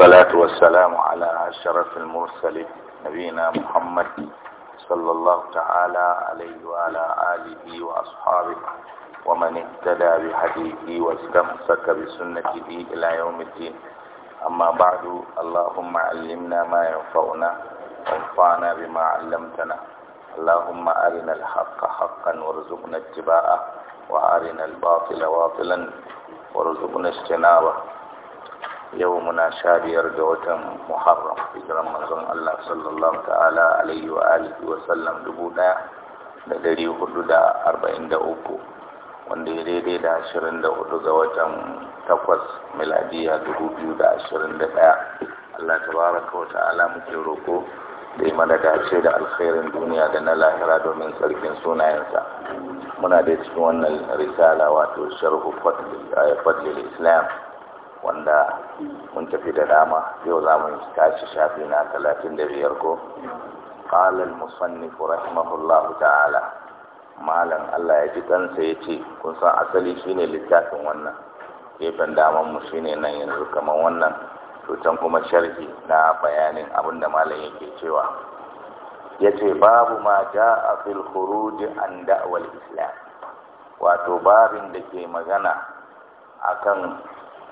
والصلاة والسلام على أشرف المرسلين نبينا محمد صلى الله تعالى عليه وعلى آله وأصحابه ومن اهتدى بحديثه واستمسك بسنته إلى يوم الدين أما بعد اللهم علمنا ما ينفعنا وانفعنا بما علمتنا اللهم أرنا الحق حقا وارزقنا اتباعه وأرنا الباطل باطلا وارزقنا اجتنابه yau muna sha biyar da watan muharram hijiran manzon Allah sallallahu ta'ala alaihi wa alihi wa sallam dubu daya da dari hudu da arba'in da uku wanda ya daidai da ashirin da hudu ga watan takwas miladiya dubu biyu da ashirin da daya Allah tabaraka wa ta'ala muke roko da yi mana dace da alkhairin duniya da na lahira domin tsarkin sunayensa muna da cikin wannan risala wato sharhu eh, fadlil islam wanda mun tafi da dama yau za mu tashi shafi na talatin da biyar ko ƙalal musannifu rahimahullahu ta'ala malam Allah ya ji kansa ya ce kun san asali shi ne littafin wannan gefen daman mu shi ne nan yanzu kamar wannan tutan kuma sharhi na bayanin abin da malam yake cewa ya ce babu ma a fil khuruj an da'wal islam wato babin da ke magana akan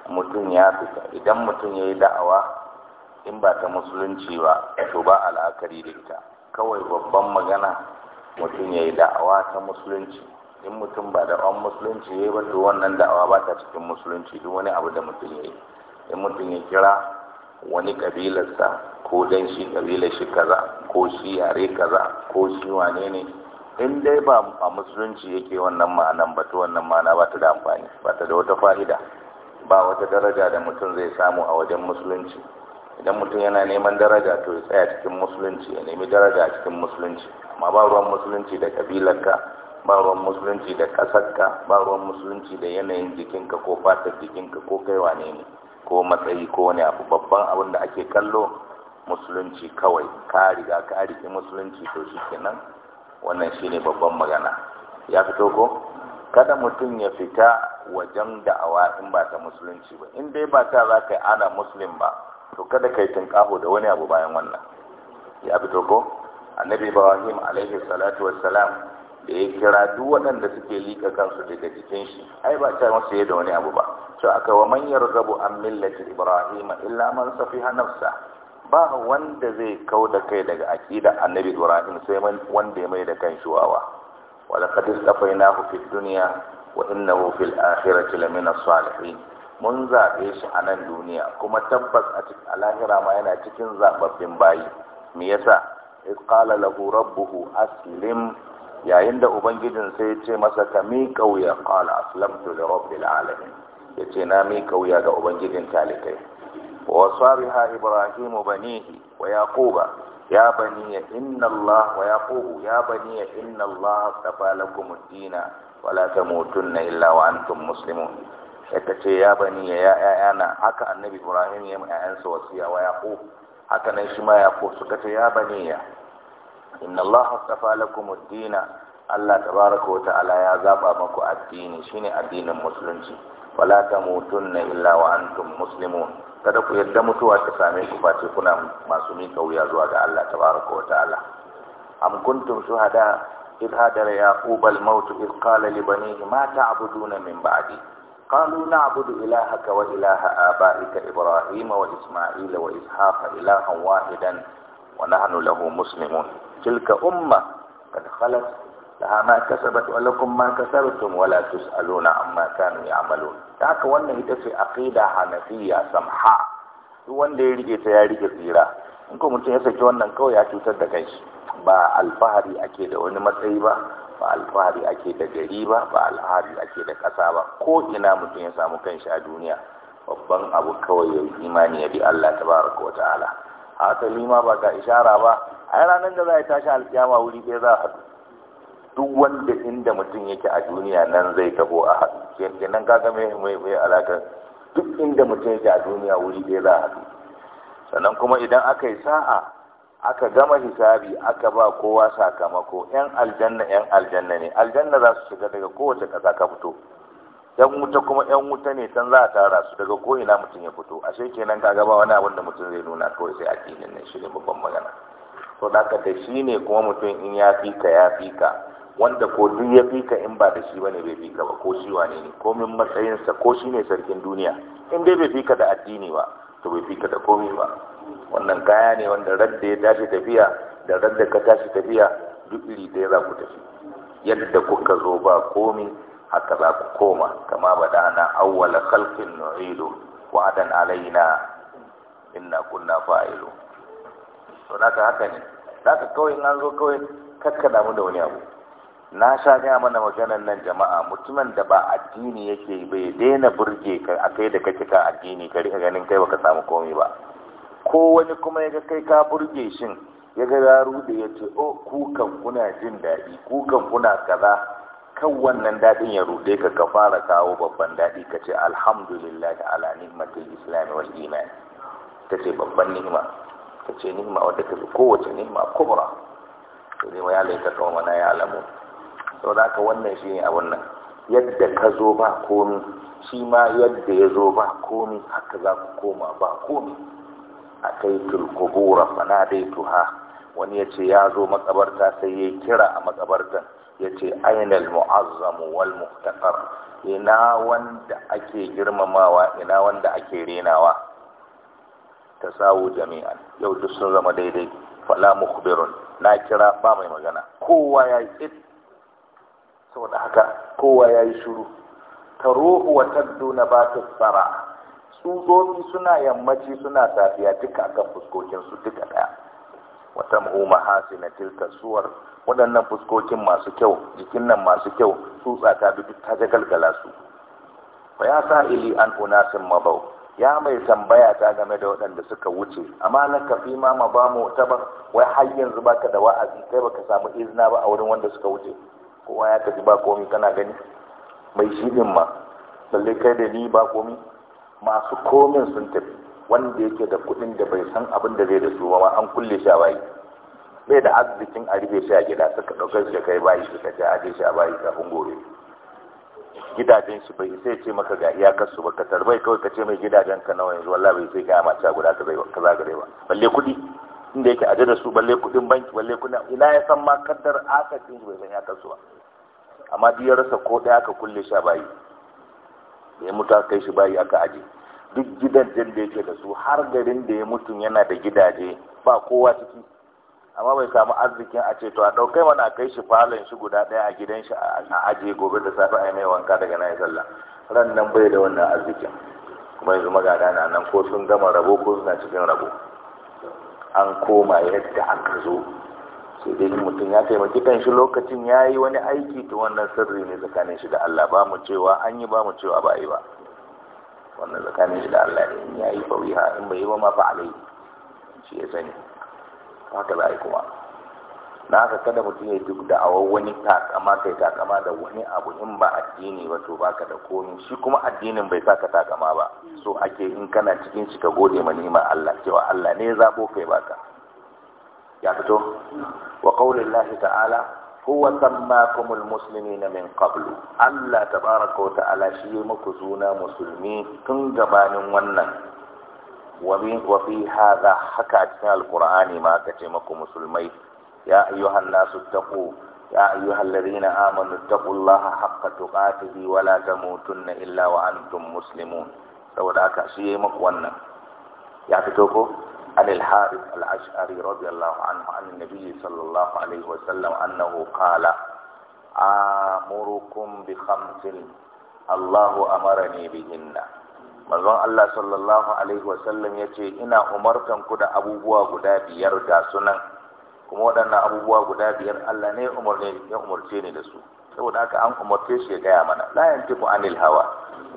mutum ya fita idan mutum ya yi da'awa in ba ta musulunci ba to ba al'akari da ita kawai babban magana mutum ya yi da'awa ta musulunci in mutum ba da ɓan musulunci ya yi ba to wannan da'awa ba ta cikin musulunci duk wani abu da mutum ya yi in mutum ya kira wani ƙabilarsa ko dan shi ƙabilar shi kaza ko shi yare kaza ko shi wane ne in dai ba a musulunci yake wannan ma'anan ba to wannan ma'ana ba ta da amfani ba ta da wata fa'ida ba wata daraja da mutum zai samu a wajen musulunci idan mutum yana neman daraja to ya tsaya cikin musulunci ya nemi daraja a cikin musulunci amma ba ruwan musulunci da kabilarka ba ruwan musulunci da ƙasarka ba ruwan musulunci da yanayin jikinka ko fatar jikinka ko kai wane ne ko matsayi ko wani abu babban abin da ake kallo musulunci kawai ka riga ka riki musulunci to shikenan wannan shine babban magana ya fito ko kada mutum ya fita wajen da'awa in ba ta musulunci ba in dai ba ta za ka yi ana musulun ba to kada ka yi tunƙaho da wani abu bayan wannan ya fito ko annabi ibrahim alaihi salatu wassalam da ya kira duk waɗanda suke liƙa kansu daga jikin shi ai ba ta yi da wani abu ba to aka wa man yarzabu an millati ibrahim illa man safiha nafsa ba wanda zai kau da kai daga aqida annabi ibrahim sai wanda ya mai da kan shuwawa wa laqad na fid dunya wa innahu fil akhirati lamina salihin mun zaɓe shi a nan duniya kuma tabbas a cikin lahira ma yana cikin zaɓaɓɓen bayi me yasa iz qala lahu rabbuhu aslim yayin da ubangijin sai ya ce masa ka mi kauya qala aslamtu li rabbil alamin yace na mi kauya ga ubangijin talikai wa sabiha ibrahim banihi wa yaquba ya bani inna allah wa yaqub ya bani inna allah tafa lakum ad-dina wala na illa wa antum muslimun yaka ce ya bani ya ya'yana haka annabi ibrahim ya mai ya'yansa wasiya wa yaqub haka nan shi ma yaqub suka ce ya bani ya inna allaha astafa lakum ad-din Allah tabaaraka wa ta'ala ya zaba maku addini shine addinin musulunci wala tamutunna illa wa antum muslimun kada ku yadda mutuwa ta same ku face kuna masu mika wuya zuwa ga Allah tabaaraka wa ta'ala am kuntum shuhada إذ هادر يعقوب الموت إذ قال لبنيه ما تعبدون من بعدي قالوا نعبد إلهك وإله آبائك إبراهيم وإسماعيل وإسحاق إلها واحدا ونحن له مسلمون تلك أمة قد خلت لها ما كسبت ولكم ما كسبتم ولا تسألون عما كانوا يعملون ذاك وانا في عقيدة حنفية سمحاء وانا يريد يتياريك كثيرة in ko mutum ya saki wannan kawai ya cutar da kai ba alfahari ake da wani matsayi ba ba alfahari ake da gari ba ba alfahari ake da ƙasa ba ko ina mutum ya samu kanshi a duniya babban abu kawai ya imani ya bi Allah tabaraka wa ta'ala hasali ma ba ka ishara ba a ranar da za a tashi alkiyama wuri ɗaya za a haɗu duk wanda inda mutum yake a duniya nan zai taho a haɗu kenan kaga mai mai alaka duk inda mutum yake a duniya wuri ɗaya za a haɗu sannan kuma idan aka yi sa'a aka gama hisabi aka ba kowa sakamako yan aljanna yan aljanna ne aljanna za su shiga daga kowace ƙasa ka fito yan wuta kuma yan wuta ne can za a tara su daga ko ina mutum ya fito ashe kenan ka gaba wani abin da mutum zai nuna kawai sai addinin ne shi ne babban magana to da ka da shi ne kuma mutum in ya fi ka ya fi ka wanda ko duk ya fi ka in ba da shi ne bai fi ka ba ko shi wane ne komin matsayinsa ko shi ne sarkin duniya in dai bai fi ka da addini ba to bai fita da komai ba wannan kaya ne wanda radda ya tashi tafiya da radda ka tashi tafiya duk iri ɗaya za ku tafi yadda kuka zo ba komai haka za ku koma kama ba da ana awwala khalqin nu'idu adan alaina inna kunna fa'ilu to naka haka ne zaka kawai nan zo kawai kakkada mu da wani abu na sha gaya mana maganar nan jama'a mutumin da ba addini yake bai daina burge ka a kai da kake ka addini ka rika ganin kai baka samu komai ba ko wani kuma ya ga kai ka burge shin ya ga ya rude ya ce oh kukan kuna jin daɗi kukan kuna kaza kan wannan daɗin ya rude ka ka fara kawo babban daɗi ka ce alhamdulillah ala ni'matil islam wal iman ta ce babban ni'ima ta ce ni'ima wadda ta fi kowace ni'ima kubra to ne ma ya laika kawo mana ya alamu sau da aka wannan shi ne abin nan yadda ka zo ba komi shi ma yadda ya zo ba komi haka za ku koma ba komi a kai tulkubura fana dai tuha wani ya ce ya zo makabarta sai ya kira a makabartan ya ce ainihin mu'azzamu wal muhtakar ina wanda ake girmamawa ina wanda ake renawa ta sawu jami'an yau duk sun zama daidai fala mukhbirun na kira ba mai magana kowa ya yi saboda haka kowa ya yi shuru ta ruhu wa taddo na ba ta tsara tsutsotsi suna yammaci suna safiya duka akan fuskokinsu duka ɗaya wata muhimma hasi na tilka suwar waɗannan fuskokin masu kyau jikin nan masu kyau tsutsa ta bi ta jagalgala su Ba ya sa ili an unasin mabau ya mai tambaya ta game da waɗanda suka wuce amma na kafi ma ma ba mu ta ba wai har yanzu baka da wa'azi kai baka samu izina ba a wurin wanda suka wuce kowa ya tafi ba komi kana gani mai shi din ma lallai kai da ni ba komi masu komin sun tafi wanda yake da kuɗin da bai san abin da zai da su ba an kulle shi a bayi bai da arzikin a rufe shi a gida suka ɗaukar shi kai bayi suka ce a je shi a bayi kafin gobe gidajen shi bai sai ce maka ga iyakar su ba ka tarbai kawai ka ce mai gidajen ka nawa yanzu wallahi bai sai ka yama ta guda ka zagare ba balle kuɗi inda yake aje da su balle kuɗin banki balle kuɗin ina ya san ma kaddar a shi bai san iyakar su ba amma duk ya rasa ko ɗaya aka kulle sha a bayi da ya mutu aka kai shi bayi aka aje duk gidajen da yake da su har garin da ya mutu yana da gidaje ba kowa ciki amma bai samu arzikin a ce to a ɗaukai mana a kai shi falon shi guda ɗaya a gidan shi a aje gobe da safe a yi mai wanka daga na sallah ran nan bai da wannan arzikin kuma yanzu magana na nan ko sun gama rabo ko suna cikin rabo an koma yadda aka zo sai dai mutum ya taimaki kanshi lokacin ya yi wani aiki ta wannan sirri ne tsakanin shi da Allah ba mu cewa an yi ba mu cewa ba yi ba wannan tsakanin shi da Allah ne ya yi fawiha in bai yi ba ma alai shi ya sani haka za a yi kuma na haka kada mutum ya duk da awon wani takama kai takama da wani abu in ba addini ba to baka da komi shi kuma addinin bai saka takama ba so ake in kana cikin shi ka gode ma neman Allah cewa Allah ne ya zabo kai baka ya fito wa qaulillahi ta'ala huwa sammakumul na min qablu Allah tabaraka wa ta'ala shi ya muku zuna musulmi tun gabanin wannan wa fi hadha haka a cikin alqur'ani ma aka ce muku musulmai ya ayyuhan nasu taqu يا أيها الذين آمنوا اتقوا الله حق تقاته ولا illa إلا وأنتم مسلمون saboda haka shi ya yi maku wannan ya fito ko عن الحارث العشعري رضي الله عنه عن النبي صلى الله عليه وسلم أنه قال آمركم بخمس الله أمرني بهن manzon Allah sallallahu alaihi wasallam ya ce ina umartan ku da abubuwa guda biyar ga sunan kuma waɗannan abubuwa guda biyar Allah ne ya umarce ni da su saboda haka an umarce shi ya gaya mana la yantiqu anil hawa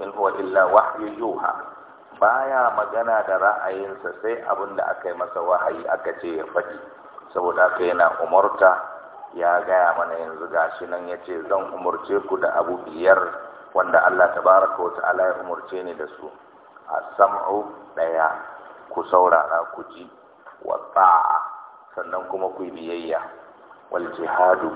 in huwa illa wahyu yuha baya magana da ra'ayinsa sai abin da aka yi masa wahayi aka ce ya faɗi saboda aka yana umarta ya gaya mana yanzu gashi nan ya ce zan umarce ku da abu biyar wanda Allah ta wata ala ya umarce ni da su a sam'u ɗaya ku saurara ku ji wa ta'a sannan kuma ku biyayya wal jihadu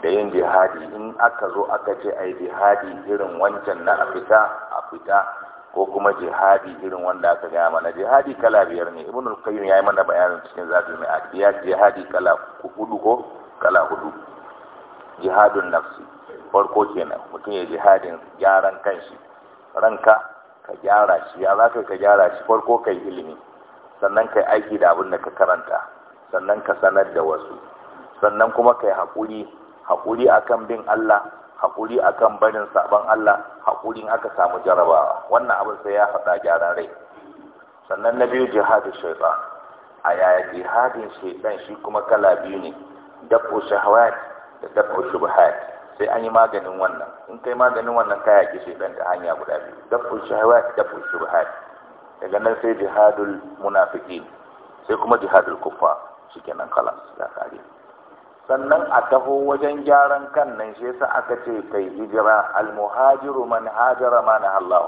da yin jihadi in aka zo aka ce ai jihadi irin wancan na a fita a fita ko kuma jihadi irin wanda aka gaya mana jihadi kala biyar ne ibn al-qayyim yayi mana bayanin cikin zatul mi'ad ya jihadi kala hudu ko kala hudu jihadun nafsi farko kenan mutum ya jihadin gyaran kanshi ranka ka gyara shi ya zaka ka gyara shi farko kai ilimi sannan kai aiki da abin da ka karanta sannan ka sanar da wasu sannan kuma kai haƙuri haƙuri akan bin Allah hakuri akan barin sabon Allah haƙurin aka samu jarabawa wannan abin sai ya faɗa gyaran rai sannan na biyu jihadin shaitan a yaya jihadin shaiɗan shi kuma kala biyu ne dafu shahawat da dafu shubuhat sai an yi maganin wannan in kai maganin wannan ka yaƙi shaitan ta hanya guda biyu dafu shahawat dafu shubuhat daga nan sai jihadul munafiqin sai kuma jihadul kuffa shikenan kala da kare sannan a taho wajen gyaran kan nan shi yasa aka ce kai hijira almuhajiru man hajara ma na Allah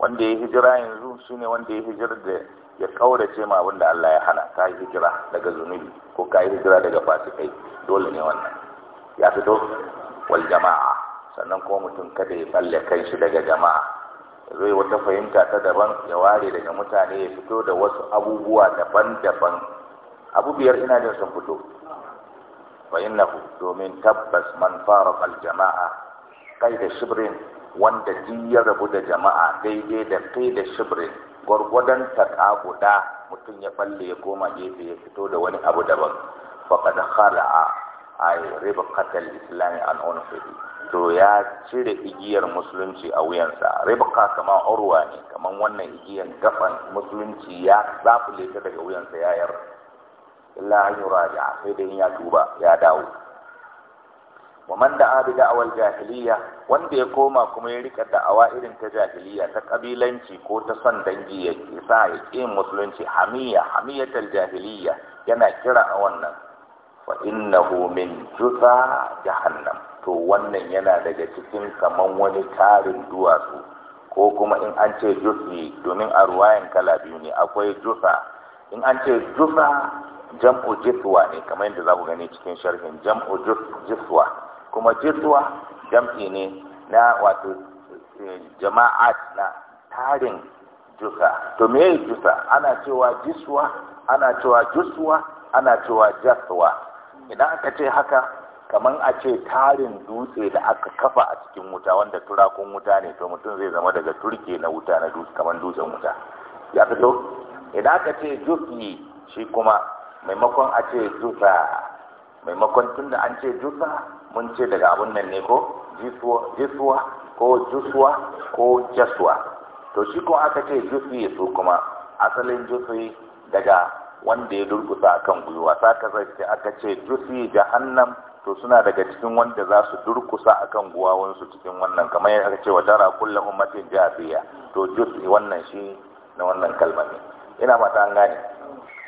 wanda ya hijira yanzu shine wanda ya hijira da ya kaurace ma abinda Allah ya hana ka yi hijira daga zunubi ko ka yi hijira daga fasikai dole ne wannan ya fito wal jama'a sannan kuma mutum kada ya balle kan shi daga jama'a zai wata fahimta ta daban ya ware daga mutane ya fito da wasu abubuwa daban-daban abu biyar ina jin sun fito fa innahu domin tabbas man fara al jama'a kai da shibrin wanda duk ya rabu da jama'a daidai da kai da shibrin gwargwadon ta guda mutum ya balle ya koma gefe ya fito da wani abu daban faqad khala'a riba, katal, islam an unfihi to ya cire igiyar musulunci a wuyansa ribqa kama urwa ne kaman wannan igiyar gafan musulunci ya zafule ta daga wuyansa ya yarda illa an yuraja sai dai ya tuba ya dawo wa man da'a bi da'awal jahiliya wanda ya koma kuma ya rika da'awa irin ta jahiliya ta kabilanci ko ta son dangi ya ke sa ya ke musulunci hamiya hamiyatal jahiliya yana kira a wannan fa innahu min juza jahannam to wannan yana daga cikin kaman wani tarin duwatsu ko kuma in an ce jufi domin a ruwayan kala biyu ne akwai jufa in an ce jufa jam'u jiswa ne kamar yadda za ku gani cikin sharhin jam'u jiswa kuma jiswa jam'i ne na wato eh, jama'a na tarin jusa to me jusa ana cewa jiswa ana cewa jiswa ana cewa jaswa idan aka ce haka kamar a ce tarin dutse da aka kafa a cikin wuta wanda turakun wuta ne to mutum zai zama daga turke na wuta na dutse kamar dutsen wuta ya fito idan aka ce jufi shi kuma maimakon a ce maimakon tunda an ce jusa, mun ce daga abun nan ne ko jisuwa ko jusuwa ko jasuwa to shi ko aka ce jusi su kuma asalin jusi daga wanda ya durkusa akan gwiwa ta ka sai aka ce jusi jahannam to suna daga cikin wanda za su durkusa akan guwawansu cikin wannan kamar yadda aka ce wa tara kullu jafiya to jusi wannan shi na wannan kalmar ne ina mata an gane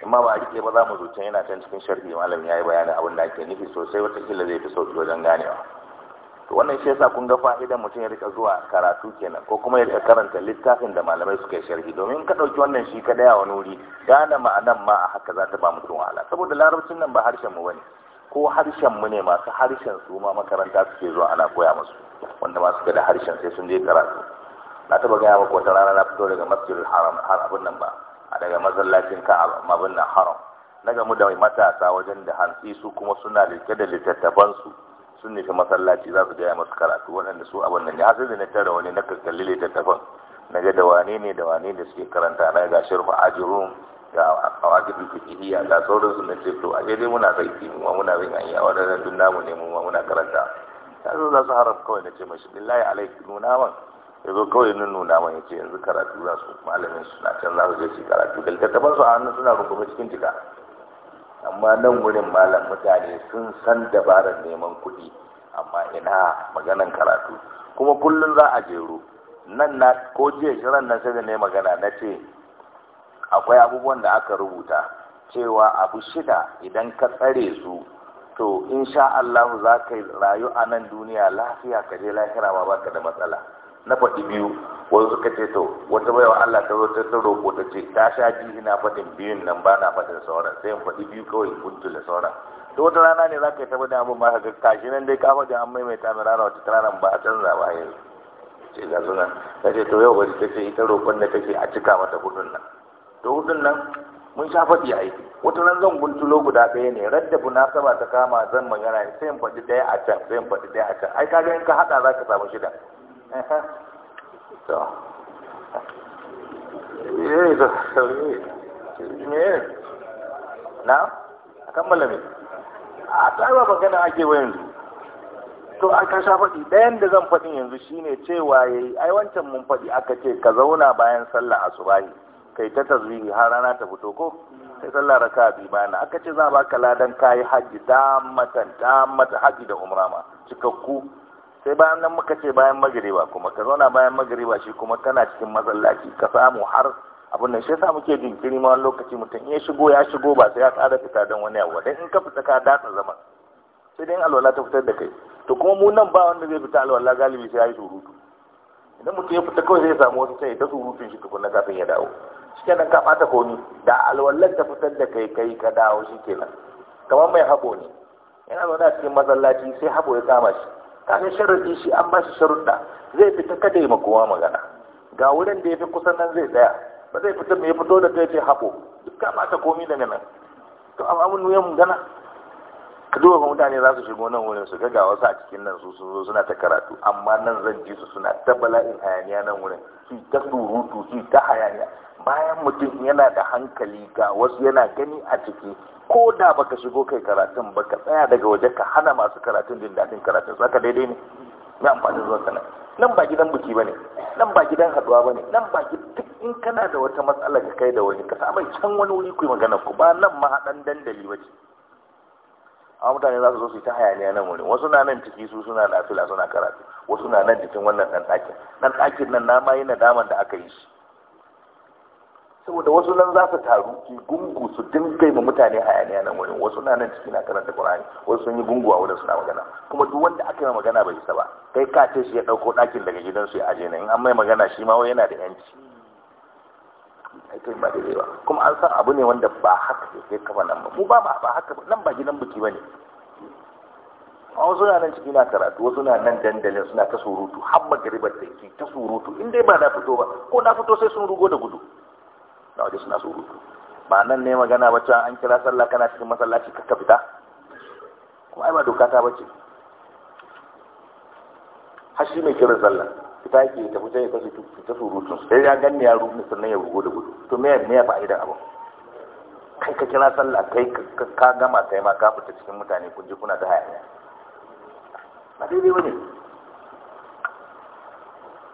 amma ba a rike ba za mu zo yana can cikin sharhi malam ya yi bayanin abin da ake nufi sosai watakila zai fi sauki wajen ganewa to wannan shi yasa kun ga fa'idan mutum ya rika zuwa karatu kenan ko kuma ya rika karanta littafin da malamai suka yi sharhi domin ka ɗauki wannan shi ka daya wani wuri gane ma'anan ma a haka za ta ba mutum wahala saboda larabcin nan ba harshen mu bane ko harshen mu ne masu harshen su ma makaranta suke zuwa ana koya musu wanda ma suka da harshen sai sun je karatu na taba gaya maka wata rana na fito daga masjidul haram har abin nan ba a daga masallacin a mabin na haram na gamu da matasa wajen da hantsi su kuma suna rike da littattafansu sun nufi masallaci za su gaya masu karatu waɗanda su abin nan ne hasali da na tara wani na kakkalli littattafan na ga da wane ne da wane da suke karanta na ga a ajirun ga awakifin fikihiyya ga su na ce to a dai muna fi mu muna bin an a wadannan dun namu ne mu muna karanta ta zo za su haram kawai na ce mashi billahi alaik nuna man ya zo kawai nun nuna mai yace yanzu karatu za su malamin su na can za su je su karatu da littattafan su a hannun suna rubuta cikin jika amma nan wurin malam mutane sun san dabarar neman kuɗi amma ina maganan karatu kuma kullum za a jero nan na ko jiya shirin nan sai da ne magana na ce akwai abubuwan da aka rubuta cewa abu shida idan ka tsare su to insha Allah za ka rayu a nan duniya lafiya ka je lahira ma baka da matsala na faɗi biyu wasu suka ce to wata baiwa Allah ta zo ta roƙo ta ce ta sha ji ina faɗin biyun nan ba na faɗin sauran sai in faɗi biyu kawai kuntu da sauran to wata rana ne za ka yi ta faɗin abin ba ka kashi nan dai ka faɗi an maimaita mai rana wata rana ba a canza ba yanzu ce ga sunan ta ce to yau bari ta ce ita roƙon da take a cika mata kuɗin nan to kuɗin nan mun sha faɗi a yi wata nan zan guntulo guda ɗaya ne radda saba ta kama zan magana sai in faɗi ɗaya a can sai in faɗi ɗaya a can ai ga in ka haɗa za ka samu shida to eh da sauri ne na kammala me a tsara magana ake wa yanzu to an ka sha faɗi ɗayan da zan faɗi yanzu shine cewa yayi ai wancan mun faɗi aka ce ka zauna bayan sallah asubahi kai ta tasbihi har rana ta fito ko sai sallah raka bi bana aka ce za baka ladan kayi haji damatan damata hajji da umra cikakku sai bayan nan muka ce bayan magariba kuma ka zauna bayan magariba shi kuma kana cikin masallaci ka samu har abin nan shi yasa muke jinkiri ma lokaci mutum ya shigo ya shigo ba sai ya tsada fita don wani abu dan in ka fita ka datsa zaman sai dai alwala ta fitar da kai to kuma mu nan ba wanda zai fita alwala galibi sai ya yi surutu idan mutum ya fita kawai zai samu wasu sai ta surutun shi tukunna kafin ya dawo shi kenan ka ko komi da alwallar ta fitar da kai kai ka dawo shi kenan kamar mai haƙo ne yana zaune a cikin masallaci sai haƙo ya kama shi kaga sharadi shi an ba shi sharuɗa zai fita kada yi makowa magana ga wurin da ya fi kusan nan zai tsaya ba zai fita mai fito da kai ce hako. duk ka komi daga nan to amma mun gana ka duba ga mutane za su shigo nan wurin su ga wasu a cikin nan su sun zo suna ta karatu amma nan zan ji su suna ta bala'in hayaniya nan wurin su ta surutu su ta hayaniya bayan mutum yana da hankali ga wasu yana gani a ciki ko da baka shigo kai karatun baka tsaya daga waje ka hana masu karatun jin daɗin karatun saka daidai ne na amfani zuwa sana nan ba gidan buki bane nan ba gidan haduwa bane nan ba duk in kana da wata matsala ka kai da wani ka samu can wani wuri ku magana ku ba nan ma haɗan dandali ce a mutane za su zo su yi ta hayaniya nan wani, wasu na nan ciki su suna nafila suna karatu wasu na nan cikin wannan ɗan ɗakin ɗan ɗakin nan na ma yi nadaman da aka yi shi saboda wasu nan za su taru ki gungu su dinga ma mutane hayaniya nan wani wasu na nan ciki na karanta qur'ani wasu sun yi gungu a wurin suna magana kuma duk wanda aka yi magana bai isa ba kai ka ce shi ya dauko ɗakin daga gidansu ya aje nan in an mai magana shi ma wai yana da yanci kai ba daidai ba kuma an san abu ne wanda ba haka ke kai kafa nan ba mu ba ba haka nan ba gidan biki bane a wasu na nan ciki na karatu wasu na nan dandalin suna ta surutu har magaribar da ke ta surutu in dai ba na fito ba ko na fito sai sun rugo da gudu na waje suna surutu ba nan ne magana ba can an kira sallah kana cikin masallaci ka fita kuma ai ba doka ta bace har shi mai kiran sallah fita yake ta fita ya kasu ta surutun sai ya ganni ya rubu sannan ya rugo da gudu to me me ya fa'idan abu kai ka kira sallah kai ka gama kai ma ka fita cikin mutane kun je kuna ta hayaniya ba daidai bane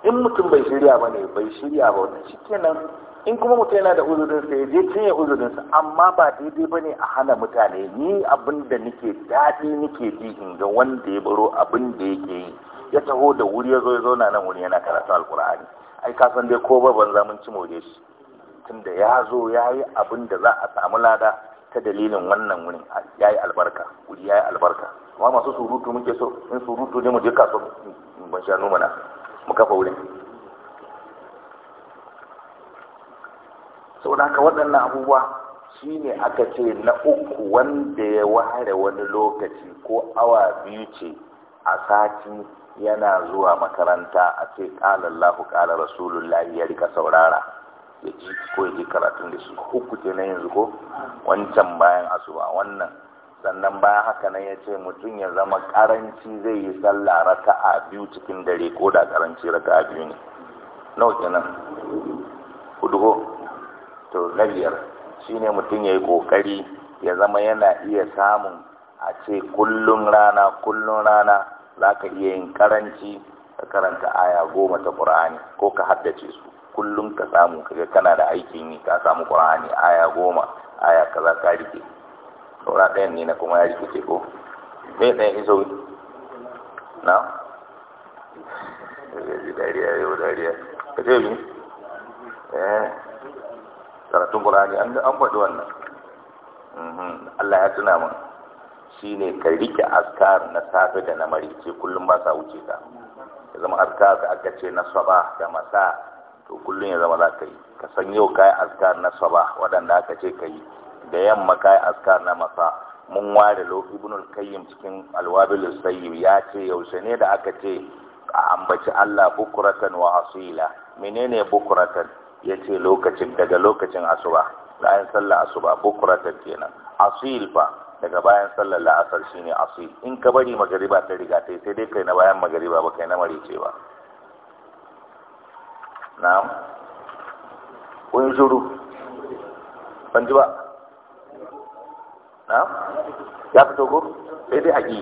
in mutum bai shirya bane bai shirya ba wannan shikenan in kuma mutum yana da uzurinsa ya je cinye uzurinsa amma ba daidai ba ne a hana mutane ni abin da nake daɗi nake ji in ga wanda ya baro abin da yake yi ya taho da wuri ya zo ya zauna nan wuri yana karatu alkur'ani ai ka san dai ko ba za mun ci more shi tunda ya zo ya yi abin da za a samu lada ta dalilin wannan wurin ya yi albarka wuri ya yi albarka amma masu surutu muke so in surutu ne mu je kasuwa ban sha numana mu kafa wurin saboda haka waɗannan abubuwa shi ne aka ce na uku wanda ya ware wani lokaci ko awa biyu ce a sati yana zuwa makaranta a ce ƙalallahu ƙala rasulullahi ya rika saurara ya ji ko ya ji karatun da su uku ce na yanzu ko wancan bayan asuba wannan sannan bayan haka nan ya ce mutum ya zama karanci zai yi sallah raka'a biyu cikin dare ko da karanci raka'a biyu ne nawa nan? hudu ko to na biyar shine mutum ya yi ƙoƙari ya zama yana iya samun a ce kullum rana kullum rana za ka iya yin karanci ka karanta aya goma ta ƙura'ani, ko ka haddace su kullum ka samu kaga kana da aikin yi ka samu ƙura'ani, aya goma aya kaza ka rike saura ɗayan ne na kuma ya rikice ko me ɗayan iso na dariya yau dariya ka ce bi eh karatun qur'ani an an faɗi wannan mhm. Allah ya tuna mun shine ka rike askar na safe da na ce kullum ba sa wuce ka ya zama askar da aka ce na saba da masa to kullum ya zama za ka yi ka san yau kai askar na saba waɗanda aka ce ka yi da yamma kai askar na masa mun ware lo al qayyim cikin alwabil sayyib ya ce yaushe ne da aka ce a ambaci Allah bukuratan wa asila menene bukuratan ya ce lokacin daga lokacin asuba bayan sallar asuba bukuratan kenan asil fa daga bayan sallar la'asar shine asil in ka bari magariba ta riga ta sai dai kai na bayan magariba ba kai na marice ba Na. kun shuru ban ji ba Na. ya fito ko sai dai haƙi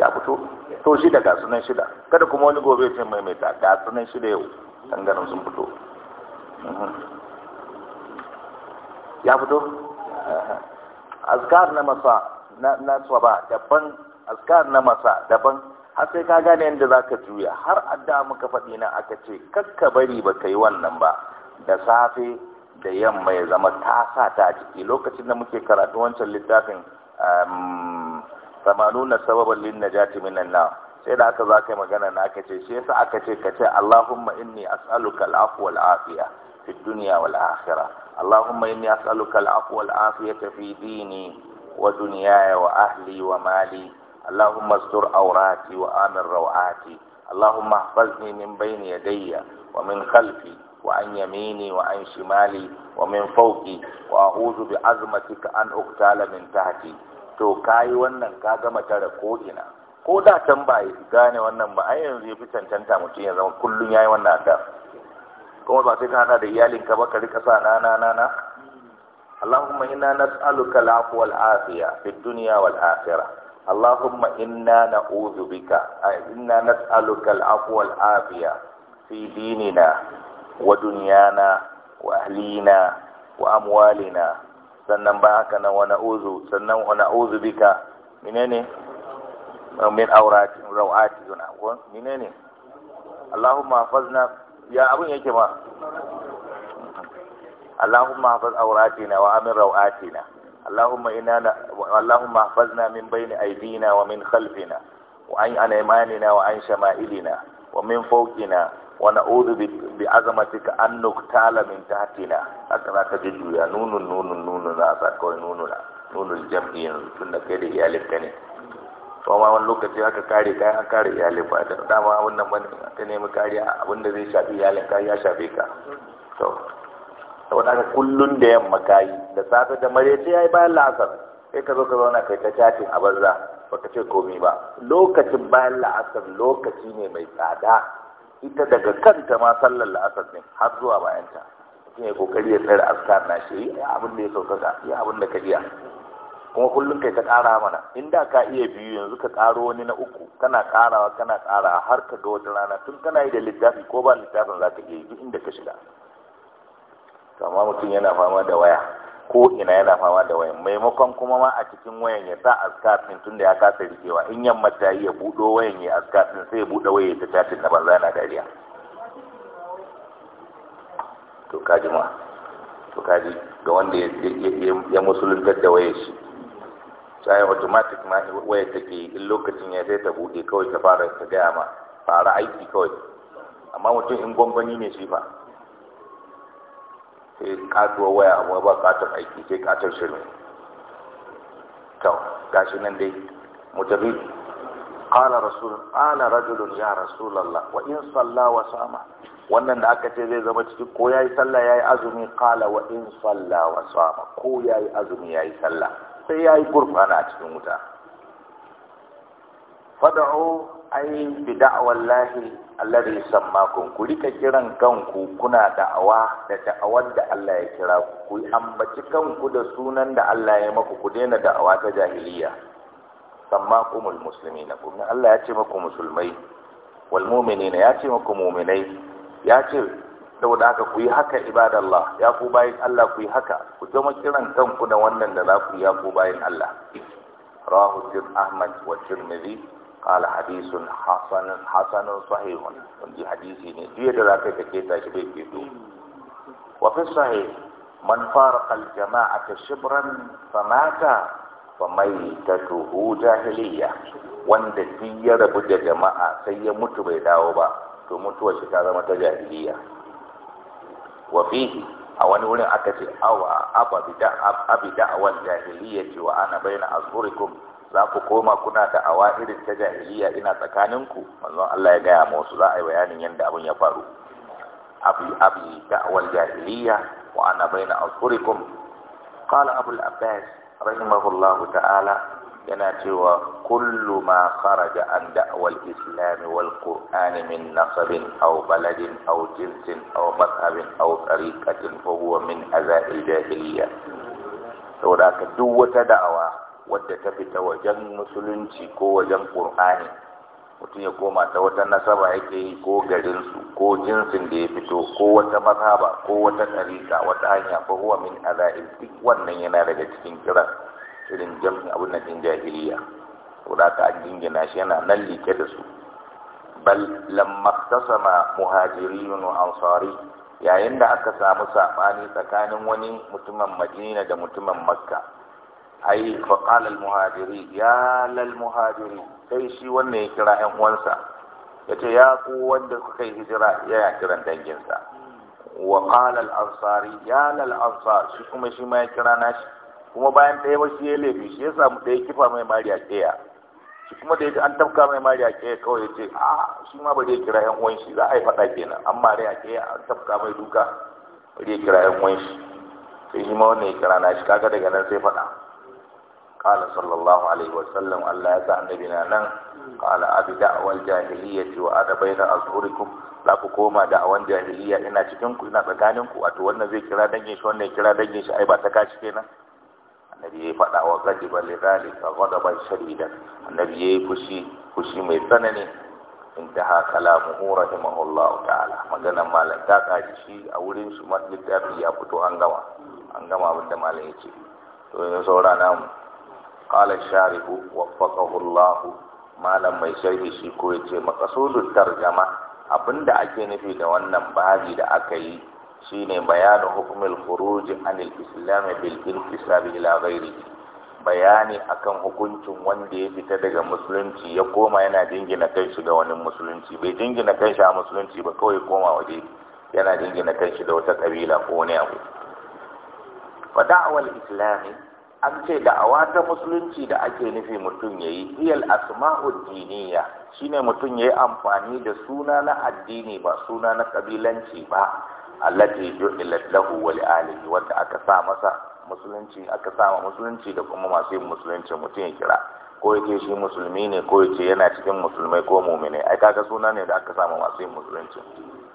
ya fito to shida ga sunan shida kada kuma wani gobe ce maimaita ga sunan shida yau ɓangaren sun fito ya fito azkar na masa na ba daban azkar na masa daban har sai ka gane yadda za ka juya har a adda muka faɗi na aka ce kakka bari ba ka yi wannan ba da safe da yamma ya zama ta sa ta jiki lokacin da muke karatu wancan littafin um, na sababin lin jati minan na sai da aka za ka yi magana na aka ce shi yasa aka ce ka ce Allahumma inni as'aluka al'afu wal afiya fi dunya wal akhirah Allahumma inni as'aluka al'afu wal afiya fi dini wa dunyaya wa ahli wa mali Allahumma astur awrati wa amir rawati Allahumma ihfazni min bayni yadayya wa min khalfi wa wa an an yamini shimali wa min fawqi wa a'udhu bi azmatika an uqtala min tahti to kai wannan ka gama tare ko ina ko da can ba gane wannan ba ai yanzu ya fi cancanta mutum ya zama kullum ya yi wannan da kuma ba sai ka hada da iyalinka ba ka rika sa na na na na Allahumma inna nas'aluka al'afu wal afiya fid dunya wal akhirah Allahumma inna na'udhu bika inna nas'aluka al'afu wal afiya fi dinina wa dunyana wa ahlina wa amwalina sannan ba haka na wa na'udhu sannan wa na'udhu bika menene min auratin rawati yana ko menene Allahumma hafazna ya abun yake ma Allahumma hafaz auratina wa amin rawatina Allahumma inna Allahumma hafazna min bayni aydina wa min khalfina wa an aymanina wa an shama'ilina wa min fawqina wa na'udhu bi azamatika an nuqtala min tahtina haka zaka ji juya nunun nunun nunun za ka kawai nununa tunda da iyalinka to ma wani lokaci aka kare kai an kare iyalin ba da dama wannan bane ka nemi kariya abinda zai shafi iyalin kai ya shafe ka to saboda haka kullun da yamma kayi da safe da mare sai yayi bayan la'asar sai ka zo ka zauna kai ta chatin a banza baka ce komai ba lokacin bayan la'asar lokaci ne mai tsada ita daga kanta ma sallar la'asar ne har zuwa bayanta mutum ya kokari ya tsara askar na shi abin da ya saukaka ya abin da ka iya kuma kullum kai ka ƙara mana in da ka iya biyu yanzu ka ƙaro wani na uku kana ƙarawa kana ƙarawa har ka ga wata rana tun kana yi da littafi ko ba littafin za ka iya duk inda ka shiga amma mutum yana fama da waya ko ina yana fama da wayan maimakon kuma ma a cikin wayan ya sa askafin din tunda ya kasa rikewa in yamma ta yi ya buɗo wayan ya askafin din sai ya buɗe waya ta chatin na banza na dariya to kaji ma to kaji ga wanda ya musuluntar da waya shi sai automatic ma waya take in lokacin ya sai ta bude kawai ta fara ta gaya ma fara aiki kawai amma mutum in gwangwani ne shi fa sai katuwa waya amma ba katon aiki sai katon shirme to gashi nan dai mutabi qala rasul ana rajulun ya rasulullah wa in salla wa sama wannan da aka ce zai zama ciki ko yayi sallah yayi azumi qala wa in salla wa sama ko yayi azumi yayi sallah sai ya yi gurfana a cikin wuta fada'u ai bi da alladhi makon ku rika kiran kanku kuna da'awa da da'awar da Allah ya kira ku ku ambaci kanku da sunan da Allah ya maku ku daina da'awa ta jahiliya musulmi na kuma Allah ya ce maku musulmai wal mu'minina ya ce maku mu'minai ya ce saboda haka ku yi haka ibadallah ya ku bayin Allah ku yi haka ku zama kiran kanku da wannan da za ku ya ku bayin Allah rahu jin ahmad wa tirmidhi qala hadithun hasanun hasanun sahihun hadisi ne duk da za ka take ta shi bai fito wa fi sahih man faraqa al jama'ata shibran famata famaitatuhu jahiliya wanda duk ya rabu da jama'a sai ya mutu bai dawo ba to mutuwar shi ta zama ta jahiliya wa a wani wurin aka ce awa abida awal jahiliya ce wa ana bayyana za ku koma kuna da awa irin ta jahiliya ina tsakaninku manzon Allah ya gaya musu za a yi bayanin yadda abin ya faru abi abi da awal jahiliya wa ana bayyana azhurikum qala abul abbas rahimahullahu ta'ala yana cewa kullu ma kharaja an da'wal islami wal qur'an min nasabin aw baladin aw jinsin aw mazhabin aw tariqatin fa huwa min aza'il jahiliya saboda ka duk wata da'awa wadda ta fita wajen musulunci ko wajen qur'ani mutum ya koma ta wata nasaba yake yi ko garinsu ko jinsin da ya fito ko wata mazhaba ko wata tariqa wata hanya fa huwa min aza'il duk wannan yana daga cikin kiran irin jam'in abin nan din jahiliya to da jingina shi yana nan like da su bal lamma tasama muhajiriyun ansari yayin da aka samu sabani tsakanin wani mutumin madina da mutumin makka ai fa al muhajiri ya lal muhajiri sai shi wannan ya kira ƴan uwansa yace ya ku wanda kuka yi hijira ya kiran danginsa wa qala al ansari ya lal ansar shi kuma shi ma ya kira nashi kuma bayan ɗaya ba shi ya laifi shi ya samu ɗaya kifa mai mariya ƙeya shi kuma da ya an tafka mai mariya ƙeya kawai ya ce a shi ma ba zai kira yan uwan shi za a yi faɗa kenan an mariya ƙeya an tafka mai duka ba zai kira yan uwan shi sai shi ma wannan ya kira na shi kaga daga nan sai faɗa قال صلى الله عليه وسلم الله يسع نبينا نن قال أبي دعوة الجاهلية وأنا بين أظهركم za ku koma da awan jahiliya ina cikin ku ina tsakaninku, wato wannan zai kira dangin shi wannan ya kira dangin shi ai ba ta kashi kenan annabi ya faɗa wa gadiba lidhalika ghadaban shadidan annabi yi fushi fushi mai tsanani intaha kalamuhu rahimahullahu ta'ala maganan malam ta kaji shi a wurin shi littafi ya fito an gama an gama abin da malam ya ce to yanzu saura mu qala sharihu waffaqahu Allah malam mai sharhi shi ko yace maqsudut tarjama abinda ake nufi da wannan babi da aka yi shine bayanu hukumul furuj anil islam bil intisab ila bayani akan hukuncin wanda ya fita daga musulunci ya koma yana jingina kanshi ga wani musulunci bai jingina kanshi a musulunci ba kawai koma waje yana jingina kanshi da wata kabila ko wani abu fa da'wal islami an ce da'awa ta musulunci da ake nufi mutum yayi iyal asma'ud diniya shine mutum ya yi amfani da suna na addini ba suna na kabilanci ba allati ju'ilat lahu wa li alihi wanda aka sa masa musulunci aka sa musulunci da kuma masu yin musulunci mutum ya kira ko yake shi musulmi ne ko yake yana cikin musulmai ko mu'mini ai kaga suna ne da aka sa masu yin musulunci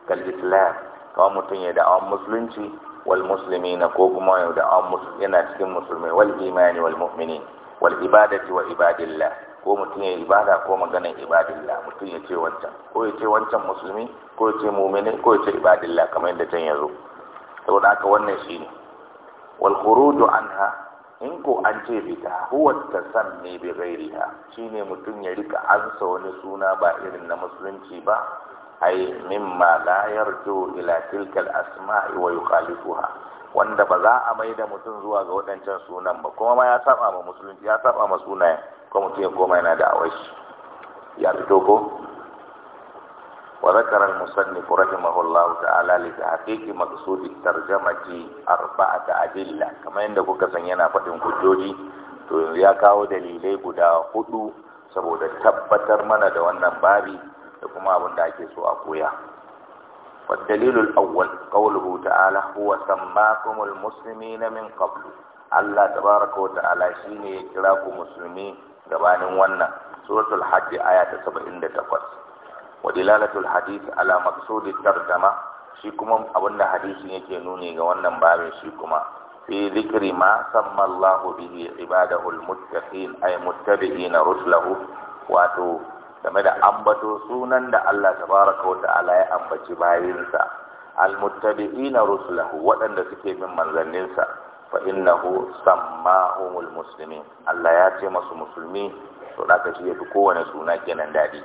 kal islam kawai mutum ya da'awan musulunci wal muslimina ko kuma ya da'awan yana cikin musulmai wal imani wal mu'mini wal ibadati wa ibadillah ko mutum ya ibada ko maganar ibadillah mutum ya ce wancan ko ya ce wancan musulmi ko ya ce mumini ko ya ce ibadillah kamar yadda can yazo saboda haka wannan ne wal khuruju anha in ko an ce bid'a huwa tasammi bi ghairiha shine mutum ya rika ansa wani suna ba irin na musulunci ba ai mimma la yarju ila tilka asmai wa yukhalifuha wanda ba za a maida mutum zuwa ga waɗancan sunan ba kuma ma ya saba ma musulunci ya saba ma sunayen ko mutum ya koma yana da awai ya fito ko wa zakara musanni musannif rahimahullahu ta'ala li tahqiqi maqsudi tarjamati arba'ata adilla kamar yadda kuka san yana faɗin hujjoji to ya kawo dalilai guda hudu saboda tabbatar mana da wannan babi da kuma abin da ake so a koya والدليل الأول قوله تعالى هو سماكم المسلمين من قبل الله تبارك وتعالى شيني يكراكم مسلمين gabanin wannan suratul hajji aya ta 78 wa dilalatul hadith ala maqsudi tarjama shi kuma abinda hadisin yake nuni ga wannan babin shi kuma fi zikri ma samma Allah bihi ibadahu almuttaqin ay muttabi'ina rusulahu wato game da ambato sunan da Allah tabaraka wa ta'ala ya ambaci bayinsa almuttabi'ina rusulahu waɗanda suke bin manzanninsa fa innahu sammahumul muslimin Allah ya ce masu musulmi to da shi yafi kowane suna kenan dadi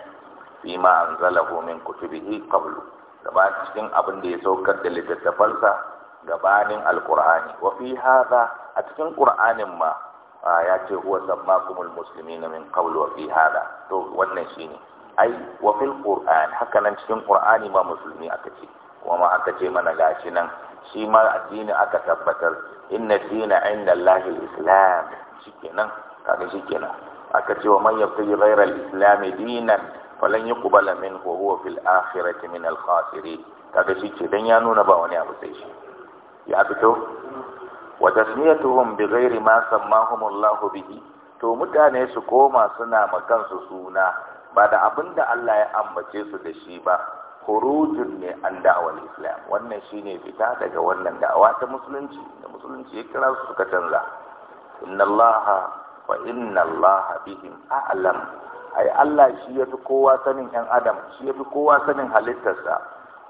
fi ma anzalahu min kutubihi qablu gaba cikin abin da ya saukar da littattafansa gabanin alqur'ani wa fi hadha a cikin qur'anin ma ya ce huwa sammakumul muslimina min qablu wa fi hadha to wannan shine ai wa fil qur'an haka nan cikin qur'ani ma musulmi aka ce kuma ma aka ce mana gashi nan shi ma addini aka tabbatar inna dina inda Islam shikenan kaga aka ce wa man yabtaji ghayra al-islam dinan falan yuqbala minhu wa huwa fil akhirati min al-khasirin kaga dan ya nuna ba wani abu sai shi ya fito wa tasmiyatuhum bighairi ma sammahum Allah bihi to mutane su koma suna makansu suna ba da abinda Allah ya ambace su da shi ba khurujun ne an da'awar islam wannan shine fita daga wannan da'awa ta musulunci da musulunci ya kira su suka canza inna allaha wa inna allaha bihim a'lam ai allah shi yafi kowa sanin yan adam shi yafi kowa sanin halittarsa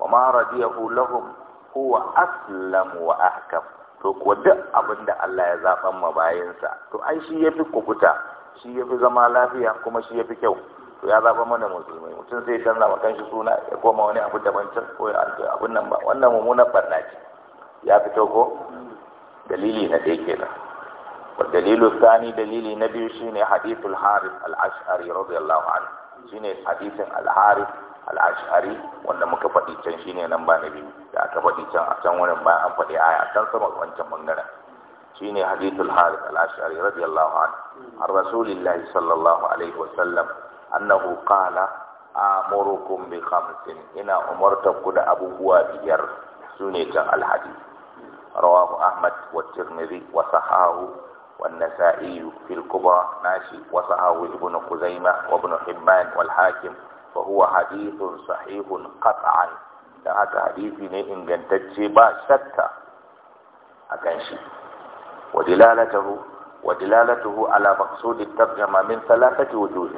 wa ma radiyahu lahum huwa aslam wa ahkam to kuwa duk abinda allah ya zaban ma bayansa to ai shi yafi kukuta shi yafi zama lafiya kuma shi yafi kyau to ya zaba mana musulmai mutum sai canza ma kanshi suna ya koma wani abu daban can ko ya abun nan ba wannan mummunan barna ce ya fito ko dalili na ɗaya kenan والدليل الثاني دليل نبي شيني حديث الحارث al'ash'ari رضي الله عنه شيني حديث الحارث الأشعري wanda muka faɗi can shine nan ba na biyu. da aka faɗi can a can wurin bayan an faɗi aya can sama wancan bangaren shine hadithul harith al-ash'ari radiyallahu anhu ar rasulillahi sallallahu alaihi wa sallam أنه قال آمركم بخمس إن أمرتم umartaku أبو abubuwa biyar sune الحديث رواه أحمد والترمذي وصحاه والنسائي في الكبرى ماشي وصحاه ابن خزيمة وابن حبان والحاكم فهو حديث صحيح قطعا هذا حديث إن جنتج با شتى أكنشي ودلالته ودلالته على مقصود الترجمة من ثلاثة وجوه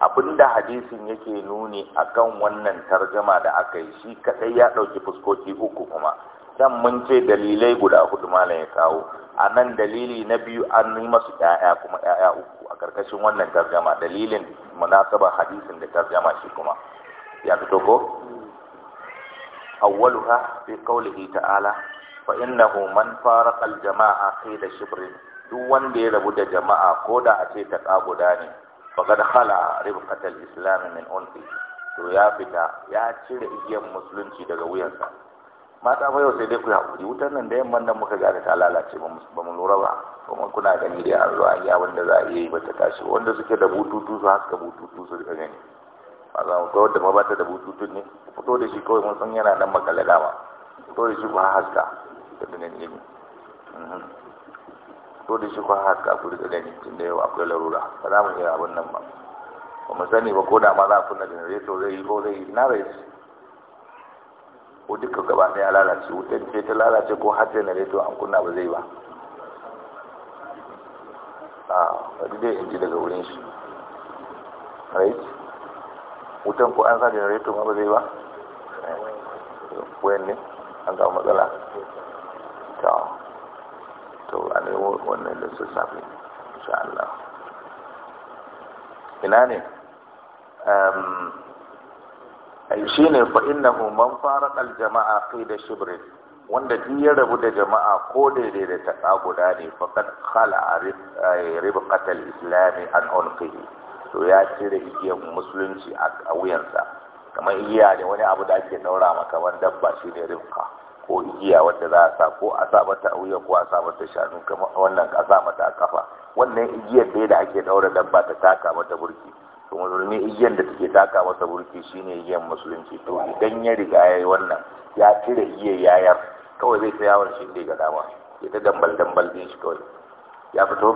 abinda hadisin yake nuni a kan wannan tarjama da aka yi shi kadai ya dauki fuskoki uku kuma can mun ce dalilai guda hudu malam ya kawo a nan dalili na biyu an yi masu 'ya'ya kuma 'ya'ya uku a karkashin wannan tarjama dalilin munasabar hadisin da tarjama shi kuma ya fito ko awwaluha fi qawlihi ta'ala fa innahu man faraqa al-jama'a qila shibrin duk wanda ya rabu da jama'a ko da a ce ta guda ne faqad khala ribqatal islam min unfi to ya fita ya cire igiyar musulunci daga wuyansa mata fa yau sai dai ku hakuri wutar nan da yamman nan muka gane ta lalace ba mu lura ba kuma kuna gani da yanzu an yi abin da za a iya yi ba ta tashi wanda suke da bututu su haska bututu su rika gani ba za mu ga wadda ma bata da bututu ne fito da shi kawai mun san yana nan makale dama fito da shi ku haska da ganin ilimi to da shi kwa haska ku rika gani tun da yau akwai larura ba za mu iya abin nan ba ba mu sani ba ko da ma za a kunna generator zai yi ko zai yi na rai. su ko duka gaba ɗaya lalace wutar ce ta lalace ko har generator an kunna ba zai ba a wadda dai in ji daga wurin shi right wutan ko an sa generator ma ba zai ba eh. wayan ne an samu matsala kai wannan da su sami insha Allah ina ne ai shi ne fa innahu man fara al jama'a qida shibr wanda duk ya rabu da jama'a ko daidai da ta guda ne faqad khala ribqat al islam an unqihi to ya cire igiyar musulunci a wuyansa kamar igiya ne wani abu da ake daura maka wani dabba ne ribqa ko igiya wadda za a sa ko a sa mata wuya ko a sa mata shanu kamar wannan a sa mata a kafa wannan igiyar da da ake daura dabba ta taka mata burki to musulmi igiyar da take taka mata burki shine igiyar musulunci to idan ya riga yayi wannan ya cire igiyar yayar kawai zai ta wani shi ga dama ya ta dambal dambal din shi kawai ya fito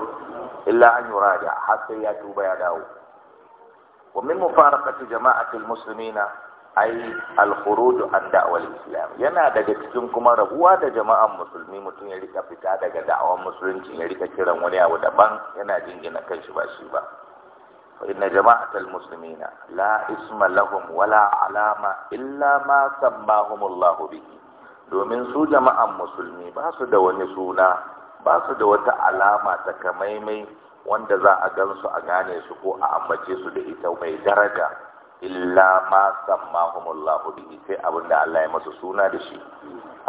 illa an yuraja har sai ya tuba ya dawo wa min mufaraqati jama'atil muslimina ai al-khuruj an da'wal islam yana daga cikin kuma rabuwa da jama'an musulmi mutum ya rika fita daga da'awan musulunci ya rika kiran wani abu daban yana jingina kanshi ba shi ba fa inna jama'atal muslimina la isma lahum wala alama illa ma sammahum Allah bihi domin su jama'an musulmi ba su da wani suna ba su da wata alama ta kamaimai wanda za a gansu a gane su ko a ambace su da ita mai daraja illa ma sammahumullahu bihi sai abin da Allah ya masa suna da shi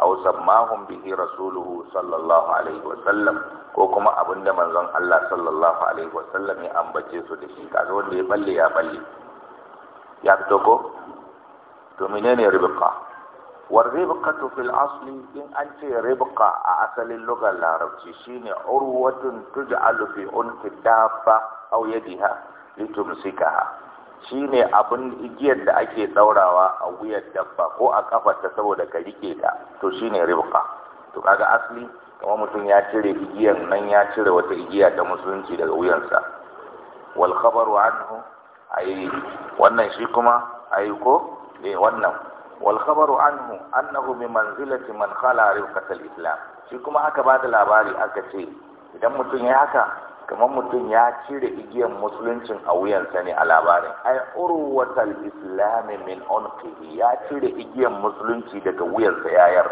aw sammahum bihi rasuluhu sallallahu alaihi wa sallam ko kuma abin da manzon Allah sallallahu alaihi wa sallam ya ambace su da shi kaga wanda ya balle ya balle ya fito ko to menene ribqa war ribqatu fil asli in an ce ribqa a asalin lugar larabci shine urwatun tuj'alu fi unqi dabba aw yadiha litumsikaha shi ne abin igiyar da ake ɗaurawa a wuyar dabba ko a kafarta saboda ka rike ta to shi ne ribka to kaga asali kamar mutum ya cire igiyar nan ya cire wata igiya ta musulunci daga wuyarsa. wal khabaru anhu ai wannan shi kuma ai ko eh wannan wal khabaru anhu annahu bi manzilati man khala ribqatal islam shi kuma aka da labari aka ce idan mutum ya haka kamar mutum ya cire igiyar musuluncin a wuyansa ne a labarin ai urwatal islami min unqihi ya cire igiyar musulunci daga wuyansa yayar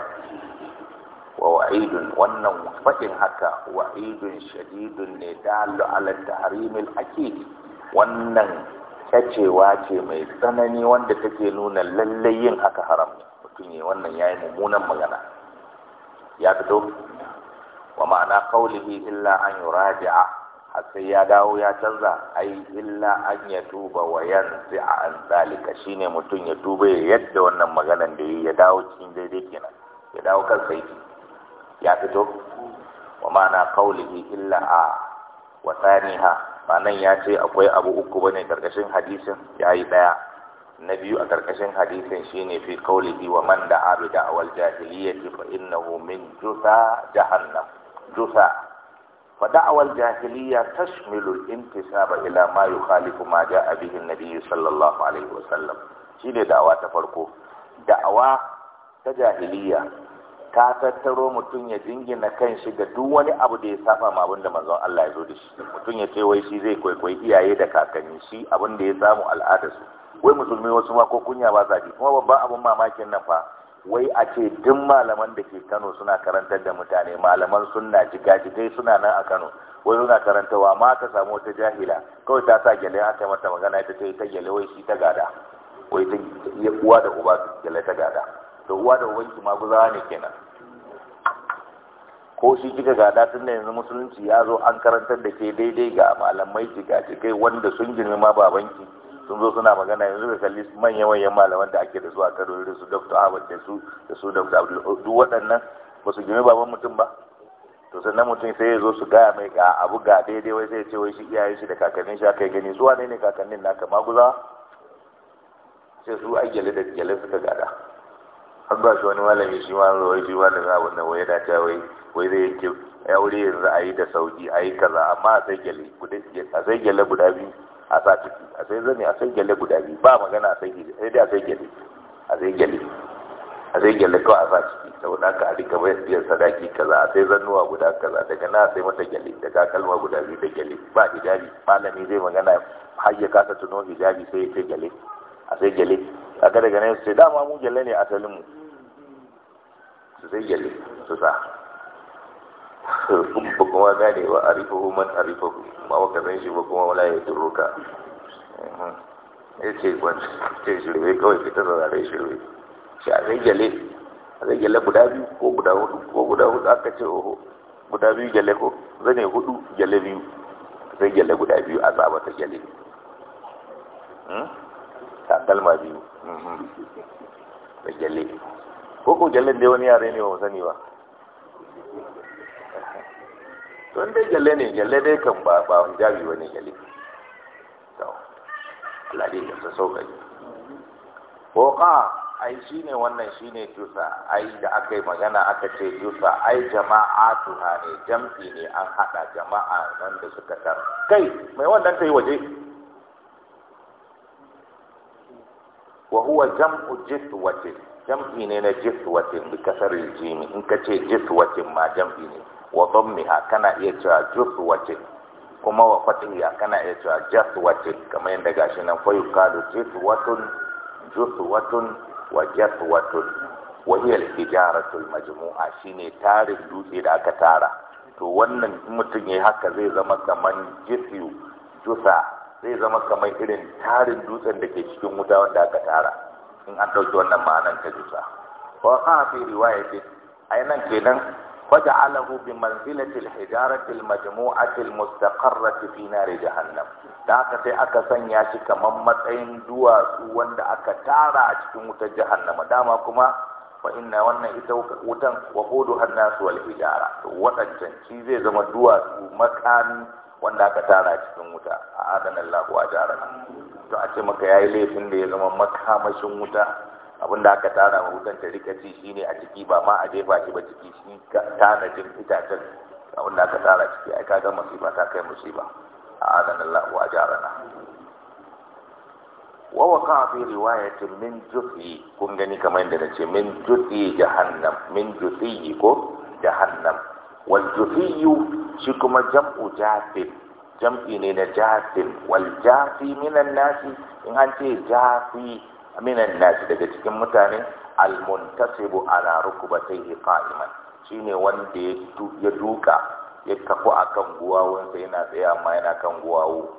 wa wa'idun wannan faɗin haka wa'idun shadidun ne dalu ala tahrimil ake. wannan kacewa ce mai tsanani wanda take nuna lallai yin haka haram mutum ne wannan yayi mummunan magana ya fito wa ma'ana qawlihi illa an yuraji'a har sai ya dawo ya canza ai illa an ya tuba wa yanzu a an zalika shine mutum ya tuba ya yadda wannan maganan da ya dawo cikin daidai kenan ya dawo kan sai ya fito wa mana ne illa a wa ba manan ya ce akwai abu uku ba ne. karkashin hadisin ya yi daya na biyu a karkashin hadisin shi shine fi qaulihi wa man da'a bi da'wal jahiliyyati fa innahu min jusa jahannam jusa فدعوى الجاهلية تشمل الانتساب إلى ما يخالف ما جاء به النبي صلى الله عليه وسلم شيني دعوة ta دعوة تجاهلية ta tattaro mutum ya jingina kan shi ga duk wani abu da ya saba ma abin da manzon Allah ya zo da shi mutum ya ce wai shi zai kwaikwayi iyaye da kakanni shi abinda ya samu al'adarsu wai musulmi wasu ma ko kunya ba sa kuma babban abin mamakin nan fa wai a ce duk malaman da ke Kano suna karantar da mutane malaman sunna jigajigai suna nan a Kano wai suna karantawa ma ka samu wata jahila kawai ta sa gyale aka mata magana ita ce ta gyale wai shi ta gada wai ta uwa da uba gyale ta gada to uwa da ubanki ma guzawa ne kenan ko shi kika gada tun da yanzu musulunci ya zo an karantar da ke daidai ga malamai jigajigai wanda sun girma babanki sun zo suna magana yanzu ka kalli manyan manyan malaman da ake da su a Kano irin su Dr. Ahmad da su da su Dr. Abdul duk waɗannan ba su gimi baban mutum ba to sannan mutum sai ya zo su gaya mai ga abu ga daidai wai sai ya ce wai shi iyayen shi da kakannin shi aka yi gani su wane ne kakannin naka maguza sai su ai gyale da gyale suka gada an ba shi wani malami shi ma zo wai shi ma da za wannan wai yana ta wai wai zai yanke aure yanzu a yi da sauki a yi kaza amma a zai gyale a sai gyale guda biyu a sa ciki a sai zane a sai gyale guda biyu ba magana a sai gyale sai dai a sai gyale a sai gyale a sai gyale kawai a sa ciki saboda haka a rika bayan biyan sadaki kaza a sai zannuwa guda kaza daga na sai mata gyale daga kalma guda biyu da gyale ba hijabi malami zai magana har ya kasa tuno hijabi sai ya ce gyale a sai gyale ga daga nan sai dama mu gyale ne asalin mu su sai gyale su sa kuma gane wa arifahu man arifahu ba baka san shi ba kuma wala ya turo ka ya ce wani ce shirme kawai fitar da zare shirme shi a zai gyale a zai gyale guda biyu ko guda hudu ko guda hudu aka ce oho guda biyu gyale ko zane hudu gyale biyu zai gyale guda biyu a zaba ta gyale hmm? ta kalma biyu da hmm. gyale ko ko gyalen dai wani yare ne ba mu sani ba don dai gyalle ne gyalle dai kan ba ba hijabi ba ne gyalle to ya dai ya sauƙaƙe boka ai shi ne wannan shi ne jusa ai da aka yi magana aka ce jusa ai jama'a tuha ne jamfi ne an haɗa jama'a wanda suka tar kai mai wannan ta yi waje wa huwa jam'u jiswatin jamfi ne na jiswatin bi kasar jimi in ka ce jiswatin ma jamfi ne wa dhammiha kana iya cewa juswatin kuma wa fatiha kana iya cewa jaswatin kamar yadda gashi nan fa yuqalu jiswatun watun, wa watun, wa hiya al-hijaratu al-majmu'a shine tarin dutse da aka tara to wannan mutum yayi haka zai zama kaman jisyu jusa zai zama kamar irin tarin dutsen da ke cikin wuta wanda aka tara in an ɗauki wannan ma'anan ta jusa wa ka fi riwaya a nan kenan فجعله بمنزلة الحجارة المجموعة المستقرة في نار جهنم ذاك سي أكا سنيا شي كمان متين دوا وند أكا تارا أشكي موت جهنم داما كما فإن وانا إتا وتن وقودها الناس والحجارة وتنشن شي زي زما دوا مكان wanda aka tara cikin wuta a adanan labuwa jarana to a ce maka yayi laifin da ya zama makamashin wuta abin da aka tara wa wutan ta rika ci shine a ciki ba ma a jefa shi ba ciki shi tanadin itacen abin da aka tara ciki ai ka ga musiba ta kai musiba adan Allah wa jarana wa waqa fi riwayatin min juthi kun gani kamar yadda nace min juthi jahannam min juthi ko jahannam wal juthi shi kuma jam'u jathim jam'i ne na Jafin? wal jathi minan nasi in an ce jathi minan shi daga cikin mutane almuntasibu ala rukubatayhi qa'iman shine wanda ya duka ya tafi akan guwawunsa yana tsaye amma yana kan guwawu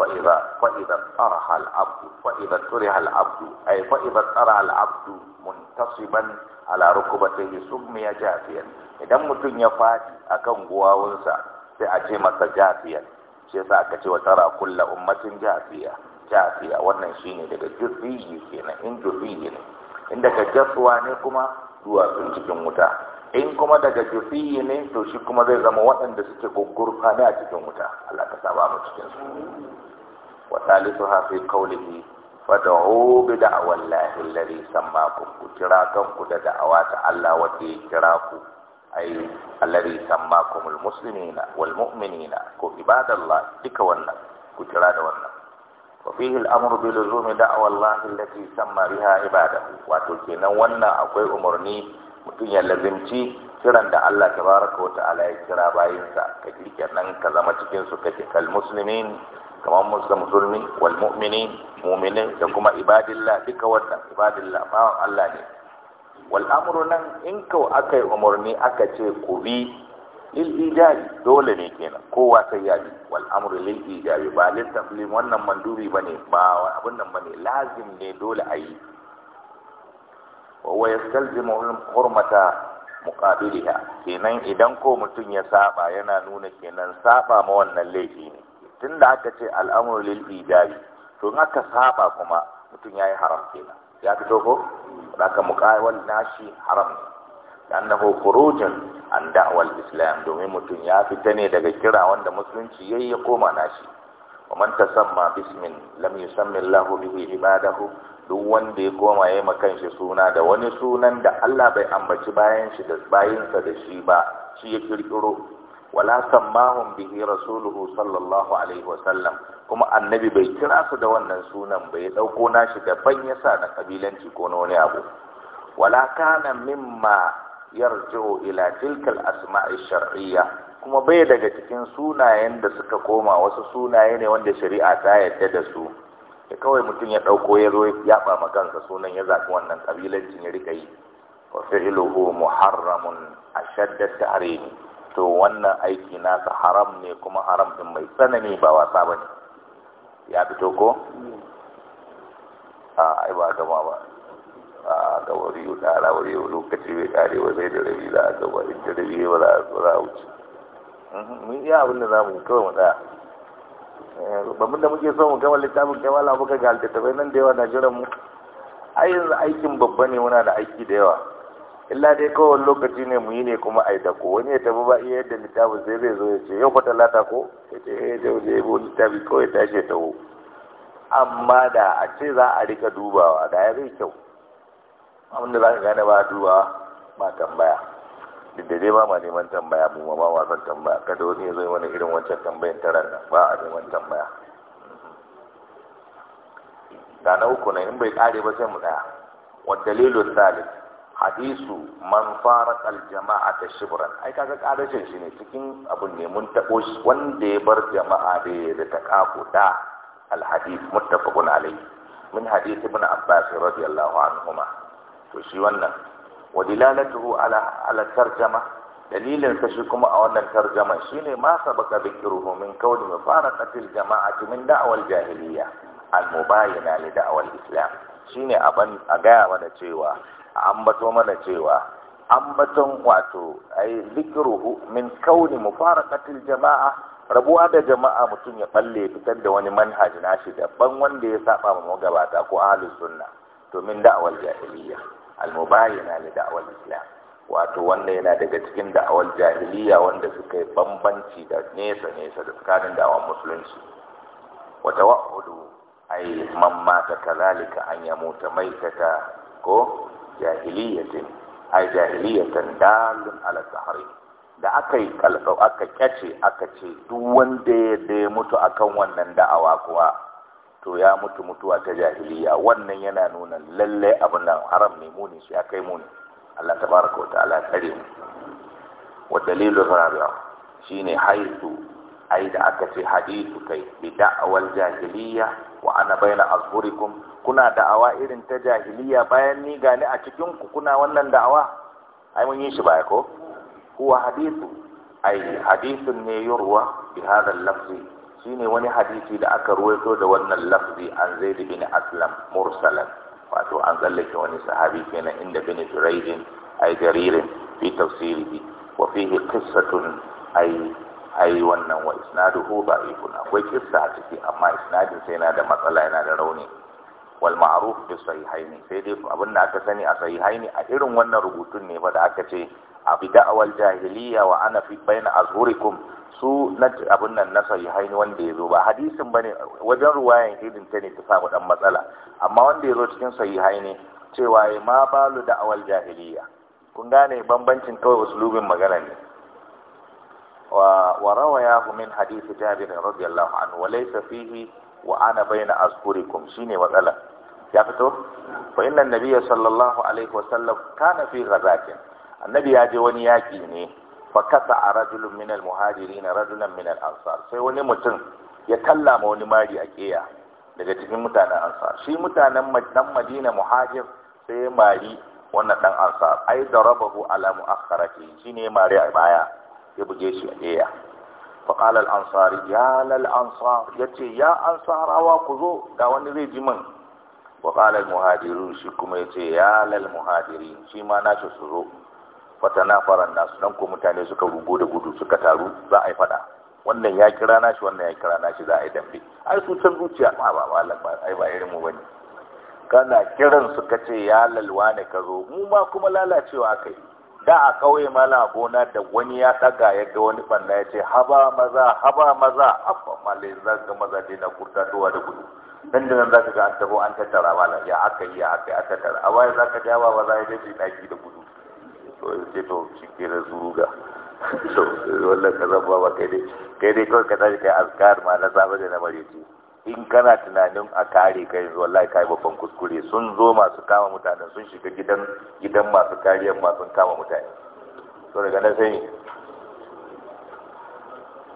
fa idza fa idza taraha al-abdu fa idza taraha al-abdu ay fa idza taraha al-abdu muntasiban ala rukbatayhi summiya jafiyan idan mutum ya fadi akan guwawunsa sai a ce masa jafiyan shi yasa aka ce wa tara kullu ummatin jafiya jafiya wannan shine daga jurriyi kenan in jurriyi ne inda ka jasuwa ne kuma duwatsun cikin wuta in kuma daga jurriyi ne to shi kuma zai zama waɗanda suke gurgurfa ne a cikin wuta Allah ka saba mu cikin su wa thalithu ha fi qawlihi fad'u bi da'wallahi alladhi sammakum ku kira kanku da da'awa ta Allah wanda ya kira ku ai alladhi sammakumul muslimina wal mu'minina ko ibadallah duka wannan ku kira da wannan وفيه الأمر بلزوم دعوة الله التي سمى بها عباده وتكينا ونا أقوي أمرني mutum ya lazimci kiran da Allah tabaraka wa ta'ala ya kira bayinsa ka kirke nan ka zama cikin su kake kal muslimin kamar musulmi musulmi wal mu'minin mu'minin da kuma ibadillah duka wannan ibadillah bawan Allah ne wal amru nan in kau akai umarni aka ce ku bi lil ijabi dole ne kenan kowa sai ya bi wal amru ba littafin wannan mandubi bane ba abin nan ne, lazim ne dole a yi wa huwa hurmata muqabiliha kenan idan ko mutum ya saba yana nuna kenan saba ma wannan laifi ne tunda aka ce al'amru lil to in aka saba kuma mutum yi haram kenan ya fito ko haka muqawal nashi haram ne annahu khurujun an da'wal islam domin mutum ya fita ne daga kira wanda musulunci yayi ya koma nashi wa man tasamma bismin lam yusammi Allahu bihi ibadahu duk wanda ya koma yayi makan shi suna da wani sunan da Allah bai ambaci bayan shi da da shi ba shi ya kirkiro wala sammahum bihi rasuluhu sallallahu alaihi wasallam kuma annabi bai kira su da wannan sunan bai dauko nashi daban yasa na kabilanci ko na wani abu wala kana mimma yarji'u ila tilkal asma'i shar'iyya kuma bai daga cikin sunayen da suka koma wasu sunaye ne wanda shari'a ta yadda da su da kawai mutum ya ɗauko ya zo ya ma kansa sunan ya zaɓi wannan ƙabilancin ya rika yi wa fi'luhu muharramun ashadda tahrimi to wannan aiki nasa haram ne kuma haram din mai tsanani ba wasa bane ya fito ko hmm. a ai ba gama ba a ga wari yau kara wari yau lokaci bai kare wa zai da rabi za a ga wari da rabi ba za a wuce mhm, mun iya abin da za mu kawai mu tsaya babban eh, da muke so mu gama littafin kai wala muka ga littattafai nan da yawa na jiran mu a yanzu aikin babba ne muna da aiki da yawa illa dai kawai lokaci ne mu yi ne kuma a yi dako, wani ya tafi ba iya yadda littafin sai zai zo ya ce yau fa talata ko ya ce ya je ya yi littafi kawai tashi ya taho amma da a ce za a rika dubawa da ya zai kyau abinda za ka gane ba duba ba tambaya duk da dai ba ma neman tambaya mu ma ba ma son tambaya kada wani ya zo wani irin wancan tambayin taran nan ba a neman tambaya Da na uku ne in bai kare ba sai mu tsaya wa dalilun dalil hadisu man faraq al ta shibran ai kaga karashin shi ne cikin abun ne mun tabo shi wanda ya bar jama'a da ya da taqaquda al hadith muttafaqun alayhi حديث ابن عباس رضي radiyallahu عنهما to shi wannan wa dilalatuhu ala ala tarjama dalilin sa shi kuma a wannan tarjama shine ma sabaka dhikruhu min kauni mufaraqatil jama'ati min da'wal jahiliya al mubayina li da'wal islam shine aban a gaya mana cewa a ambato mana cewa ambaton wato ai dhikruhu min kauni mufaraqatil jama'a rabuwa da jama'a mutum ya balle fitar da wani manhaji nashi daban wanda ya saba ma magabata ko ahlus sunna domin da'awar jahiliya al mubayyana li da'wal islam wato wanda yana daga cikin da'awar jahiliya wanda suka yi bambanci da nesa nesa da tsakanin da'awar musulunci wata wahudu ai man mata kazalika an ya muta maitata ko jahiliyatin ai jahiliyatan dalun ala sahari da aka yi aka kyace aka ce duk wanda ya mutu akan wannan da'awa kuwa to ya mutu mutuwa ta jahiliya wannan yana nuna lalle abin nan haram ne muni shi kai muni Allah tabaraka wataala kare mu wa dalilu rabi'a shine haitu ai da aka ce hadithu kai bi da'awal jahiliya wa ana baina azhurikum kuna da'awa irin ta jahiliya bayan ni gani a cikin ku kuna wannan da'awa ai mun yi shi baya ko huwa hadithu ai hadithun ne yurwa bi hadha lafzi shine wani hadisi da aka ruwaito da wannan lafzi an zaid bin aslam mursalan wato an tsallake wani sahabi kenan inda bin juraidin ai jaririn fi tafsirihi wa fihi qissatun ay ai wannan wa isnaduhu da'ifun akwai kissa a ciki amma isnadin sai yana da matsala yana da rauni wal ma'ruf bi sahihaini sai dai abin da aka sani a sahihaini a irin wannan rubutun ne ba da aka ce abi da'awal jahiliya wa ana fi baina azhurikum su na abin nan na haini wanda ya zo ba hadisin ba ne wajen ruwayan irin ta ne ta samu dan matsala amma wanda ya zo cikin haini. cewa ya ma balu da awal jahiliya kun gane bambancin kawai uslubin magana ne wa rawayahu min hadisi jabir radiyallahu anhu wa laysa fihi wa ana bayna azkurikum shine matsala ya fito fa inna nabiyya sallallahu alaihi wasallam kana fi ghazatin annabi ya je wani yaki ne fakasa a rajulun minal muhajiri na rajulan minal ansar sai wani mutum ya kalla ma wani mari a keya daga cikin mutanen ansar shi mutanen dan madina muhajir sai mari wannan dan ansar ai da darabahu ala mu'akhkharati shine mari a baya ya buge shi a keya fa qala al ansari ya lal ansar yace ya ansarawa ku zo ga wani zai ji min wa qala shi kuma yace ya lal muhajirin shi ma su zo fatanafara nasu nan ko mutane suka rugo da gudu suka taru za a yi fada wannan ya kira nashi wannan ya kira nashi za a yi dambe ai su san zuciya ba ba ba ai ba irin mu bane kana kiran su kace ya lalwa ne ka zo mu ma kuma lalacewa akai da a kauye mala gona da wani ya daga ya ga wani banna ya ce haba maza haba maza abba malai za ga maza dai na towa da gudu dan da nan za ka ga an tabo an tattara mala ya aka yi ya aka a tattara a waye za ka jawa ba za ya dace daki da gudu kawai ce to shi ke na zuruga to wallan ka zama ba kai dai kai dai kawai ka tashi kai azkar ma na safe da na mareci in kana tunanin a kare kai yanzu wallahi kai babban kuskure sun zo masu kama mutane sun shiga gidan gidan masu kariyar masu kama mutane to daga na sai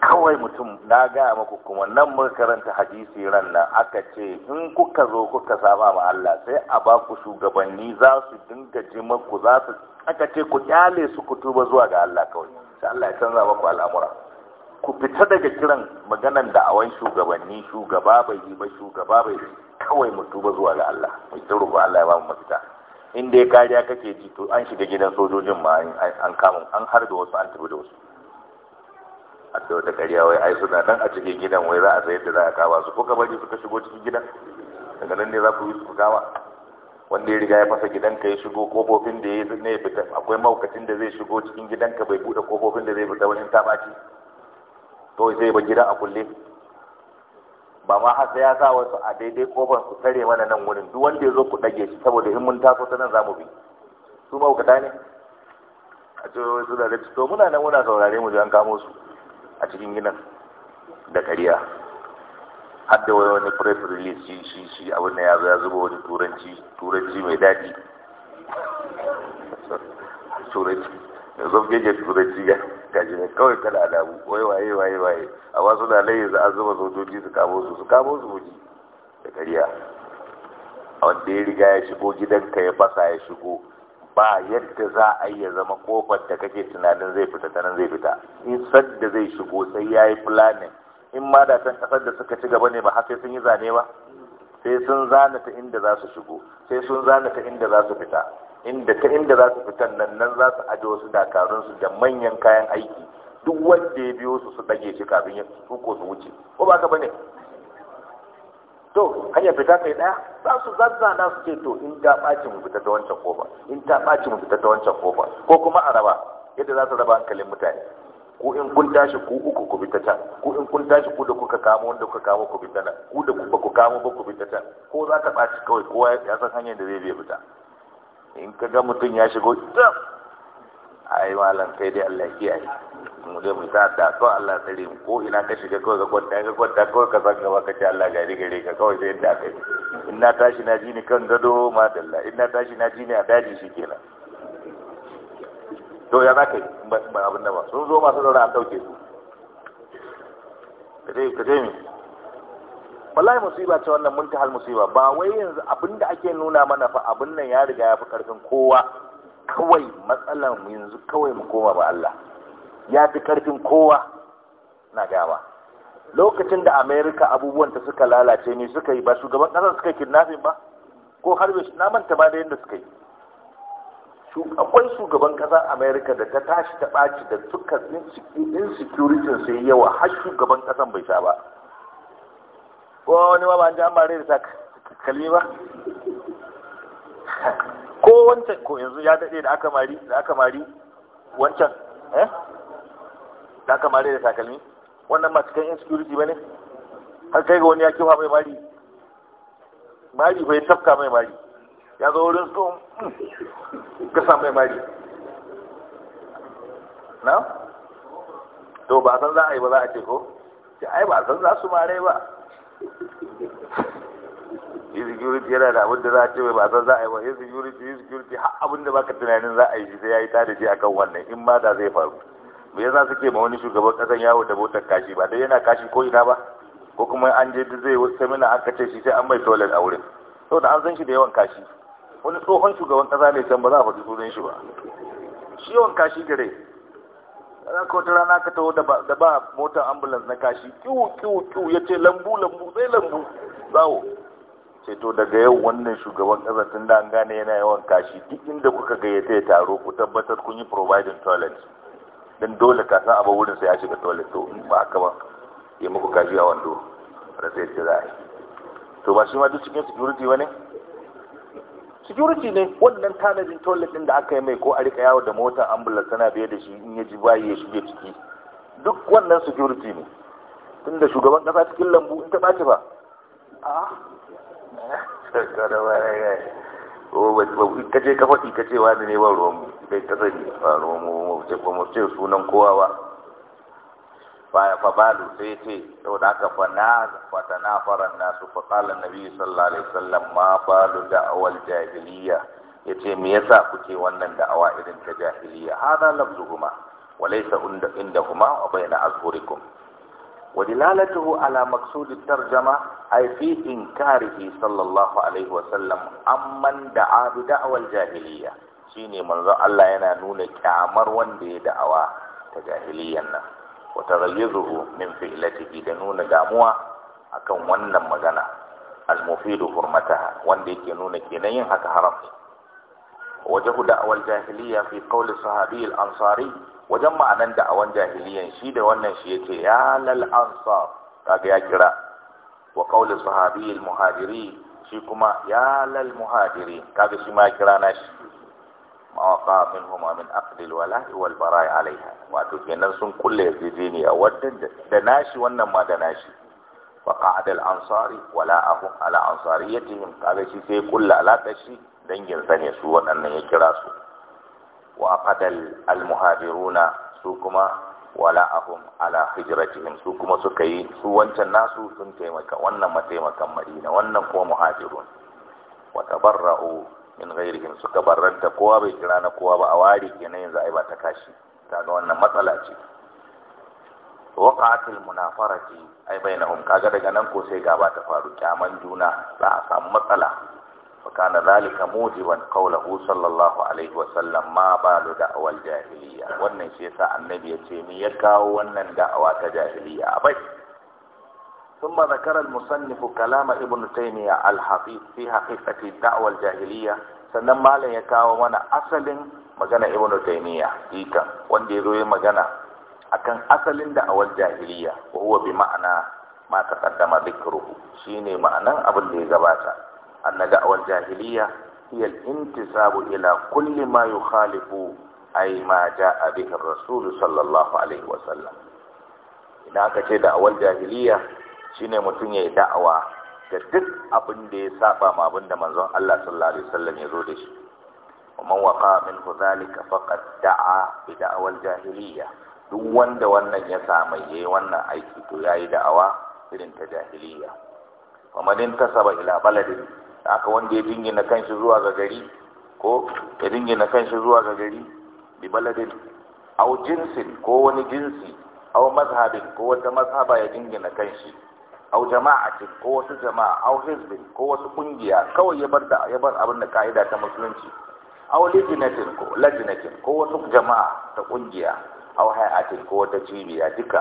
kawai mutum na gaya maku kuma nan mun karanta hadisi ran nan aka ce in kuka zo kuka saba ma Allah sai a ba ku shugabanni za su dinga ji maku za su aka ce ku kyale su ku tuba zuwa ga Allah kawai sai Allah ya canza maku al'amura ku fita daga kiran maganan da awan shugabanni shugaba bai yi ba shugaba bai yi kawai mu tuba zuwa ga Allah mu tsoro ga Allah ya ba mu mafita in dai kariya kake ji to an shiga gidan sojojin ma an kama an harbe wasu an tafi da wasu an da wata ƙarya wai ai suna nan a cikin gidan wai za a sayar da za a kama su ko ka bari suka shigo cikin gidan daga nan ne za ku yi su kama wanda ya riga ya fasa gidanka ya shigo kofofin da ya ne ya fita akwai maukacin da zai shigo cikin gidanka bai buɗe kofofin da zai fita wani ta ɓaci to sai ba gidan a kulle ba ma har sai ya sa wasu a daidai kofar su tare mana nan wurin duk wanda ya zo ku ɗage shi saboda in mun taso ta nan za mu bi su maukata ne a cewa wasu suna da to muna nan muna saurare mu je an kamo su a cikin gidan da kariya, hadda da wani press release shi shi abin da ya zo ya zuba wani turanci turanci mai daɗi turanci zo gege turanci ga gaji ne kawai kada alamu wai waye waye waye a wasu na layi za a zuba sojoji su kamo su su kamo su muji da a wanda ya riga ya shigo gidanka ya fasa ya shigo ba yadda za a yi zama kofar da kake tunanin zai fita ta nan zai fita in sadda zai shigo sai ya yi planning in ma da can kasar da suka ci gaba ne ba har sun yi zane ba sai sun zana ta inda za su shigo sai sun zana ta inda za su fita inda ta inda za su fitan nan nan za su aje wasu dakarunsu da manyan kayan aiki duk wanda ya biyo su su dage shi kafin ya tuko su wuce ko ba ka bane to hanyar fita kai daya za su zazzana su ce to in ta ɓaci mu fita ta wancan kofa in ta ɓaci mu fita ta wancan kofa ko kuma a raba yadda za su raba hankalin mutane ko in kun tashi ku uku ku bi ta can ko in kun tashi ku da kuka kamo wanda kuka kamo ku bi ta nan ku da ba ku kamo ba ku bi ta can ko za ta ɓaci kawai kowa ya san hanyar da zai bai fita in ka ga mutum ya shigo ai malam sai dai Allah kiyaye mu dai mu ta da ko Allah tsare mu ko ina ka shiga kawai ka kwanta ka kwanta kawai ka san gaba ka ce Allah gari gare ka kawai sai yadda kai in na tashi na ji ni kan gado ma dalla in na tashi na ji ni a daji shi kenan to ya zaka yi ba abin da ba sun zo masu daura a dauke su ka je ka je mi wallahi musiba ce wannan muntahal musiba ba wai yanzu abinda ake nuna mana fa abin nan ya riga ya fi karfin kowa kawai matsala, mu yanzu kawai mu koma ba Allah ya fi karfin kowa na gaba lokacin da Amerika abubuwan ta suka lalace ne suka yi ba shugaban ƙasar suka yi kidnapping ba ko harbe shi na manta ba da yadda suka yi akwai shugaban ƙasar Amerika da ta tashi ta ɓaci da suka insecurity sai yawa har shugaban ƙasar bai sha ba ko wani ba ba an ji an bare da kalmi ba ko wancan ko yanzu ya daɗe da aka mari da aka mari wancan eh da aka mari da takalmi wannan masu cikin insecurity bane har kai ga wani ya kifa mai mari mari bai tafka mai mari ya zo wurin su hmm, ka sa mai mari na to ba san za a yi ba za a ce ko ai ba san za su mare ba insecurity yana da abin da za a ce ba san za a yi ba insecurity insecurity har abin da baka tunanin za a yi shi sai ya yi tadaji akan wannan in ma da zai faru me yasa suke ma wani shugaban kasan yawo da motar kashi ba dai yana kashi ko ina ba ko kuma an je da zai wasu samina aka ce shi sai an mai toilet a wurin da an san shi da yawan kashi wani tsohon shugaban kasa ne can ba za a faɗi sunan shi ba shi yawan kashi gare ana ka wata rana ka taho da ba motar ambulance na kashi kiwu kiwu kiwu ya ce lambu lambu sai lambu zawo ce to daga yau wannan shugaban ƙasa tun da an gane yana yawan kashi duk inda kuka gayyata ya taro ku tabbatar kun yi providing toilet don dole ka san abu wurin sai ya shiga toilet to ba haka ba ya muku kashi a wando da sai ce za a yi to ba shi ma duk cikin security ba ne security ne wannan tanadin toilet din da aka yi mai ko a rika yawo da motar ambulance tana biye da shi in ya ji bayi ya shige ciki duk wannan security ne tunda shugaban kasa cikin lambu in ta ɓace ba a shekara ba ya gaya ka ce ka faɗi ka ce wani ne ba ruwanmu dai ta sani ba ruwanmu ba mu ce sunan kowa ba baya fa balu sai ce sau da aka fa fata na faran nasu fa kala nabi sallallahu alaihi wasallam ma balu da'awal jahiliya ya ce me yasa kuke wannan da'awa irin ta jahiliya hada lafzu huma walaysa inda huma wa bayna azhurikum ودلالته على مقصود الترجمة أي في إنكاره صلى الله عليه وسلم أمن دعا بدعوى الجاهلية شيني منذ الله ينانون كامر وندي دعوى تجاهليا وتغيظه من فعلته دنون داموا أكون ونن مغنى المفيد حرمتها وندي كنون كنين هكا حرمي wajahu da'awar jahiliya fi qawli sahabi al-ansari wajen ma'anan da'awan jahiliyan shi da wannan shi yace ya lal ansar kaga ya kira wa qawli sahabi al-muhajiri shi kuma ya lal muhajiri kaga shi ma kira na shi mawaqa minhuma min aqdil wala'i wal bara'i alaiha wato kenan sun kulle yarjejeniya wadda da nashi wannan ma da nashi wa qa'ada al-ansari wala'ahum ala ansariyatihim kaga shi sai kulla alaƙar shi danginsa ne su waɗannan ya kira su wa fadal almuhajiruna su kuma wala ahum ala hijratihim su kuma suka yi su wancan nasu sun taimaka wannan mataimakan madina wannan kuma muhajirun wa tabarra'u min ghairihim suka barranta kowa bai kira na kowa ba a wari kenan yanzu ai ba ta kashi kaga wannan matsala ce waqa'atul munafarati ai bainahum kaga daga nan ko sai ga ba ta faru kyaman juna za a samu matsala فكان ذلك موجبا قوله صلى الله عليه وسلم ما بال دعوى الجاهلية wannan shi yasa annabi ya ce ni ya kawo wannan da'awa ta jahiliya abai ثم ذكر المصنف كلام ابن تيمية الحفيظ في حقيقة الدعوة الجاهلية sannan malam ya kawo mana asalin magana ibn taymiya dika wanda yazo ya magana akan asalin da'awar jahiliya wa huwa bi ma'ana ma taqaddama dhikruhu shine ma'anan abin da ya gabata أن دعوة الجاهلية هي الانتساب إلى كل ما يخالف أي ما جاء به الرسول صلى الله عليه وسلم إذا كانت دعوة الجاهلية shine mutum ya yi da'awa ga duk abinda ya saba ma abin manzon Allah sallallahu alaihi wasallam ya zo da shi man waqa min zalika da'a bi da'awal jahiliya duk wanda wannan ya samu yayi wannan aiki to yayi da'awa irin ta jahiliya ومن انتسب إلى بلد haka wanda ya dingina kanshi zuwa ga gari ko ya dingina kanshi zuwa ga gari bi baladin au jinsin ko wani jinsi aw mazhabin ko wata mazhaba ya dingina kanshi au jama'atin ko wasu jama'a au hizbin ko wasu kungiya kawai ya bar da ya bar abin da kaida ta musulunci au lajinatin ko lajinatin ko wasu jama'a ta kungiya au hay'atin ko wata cibiya duka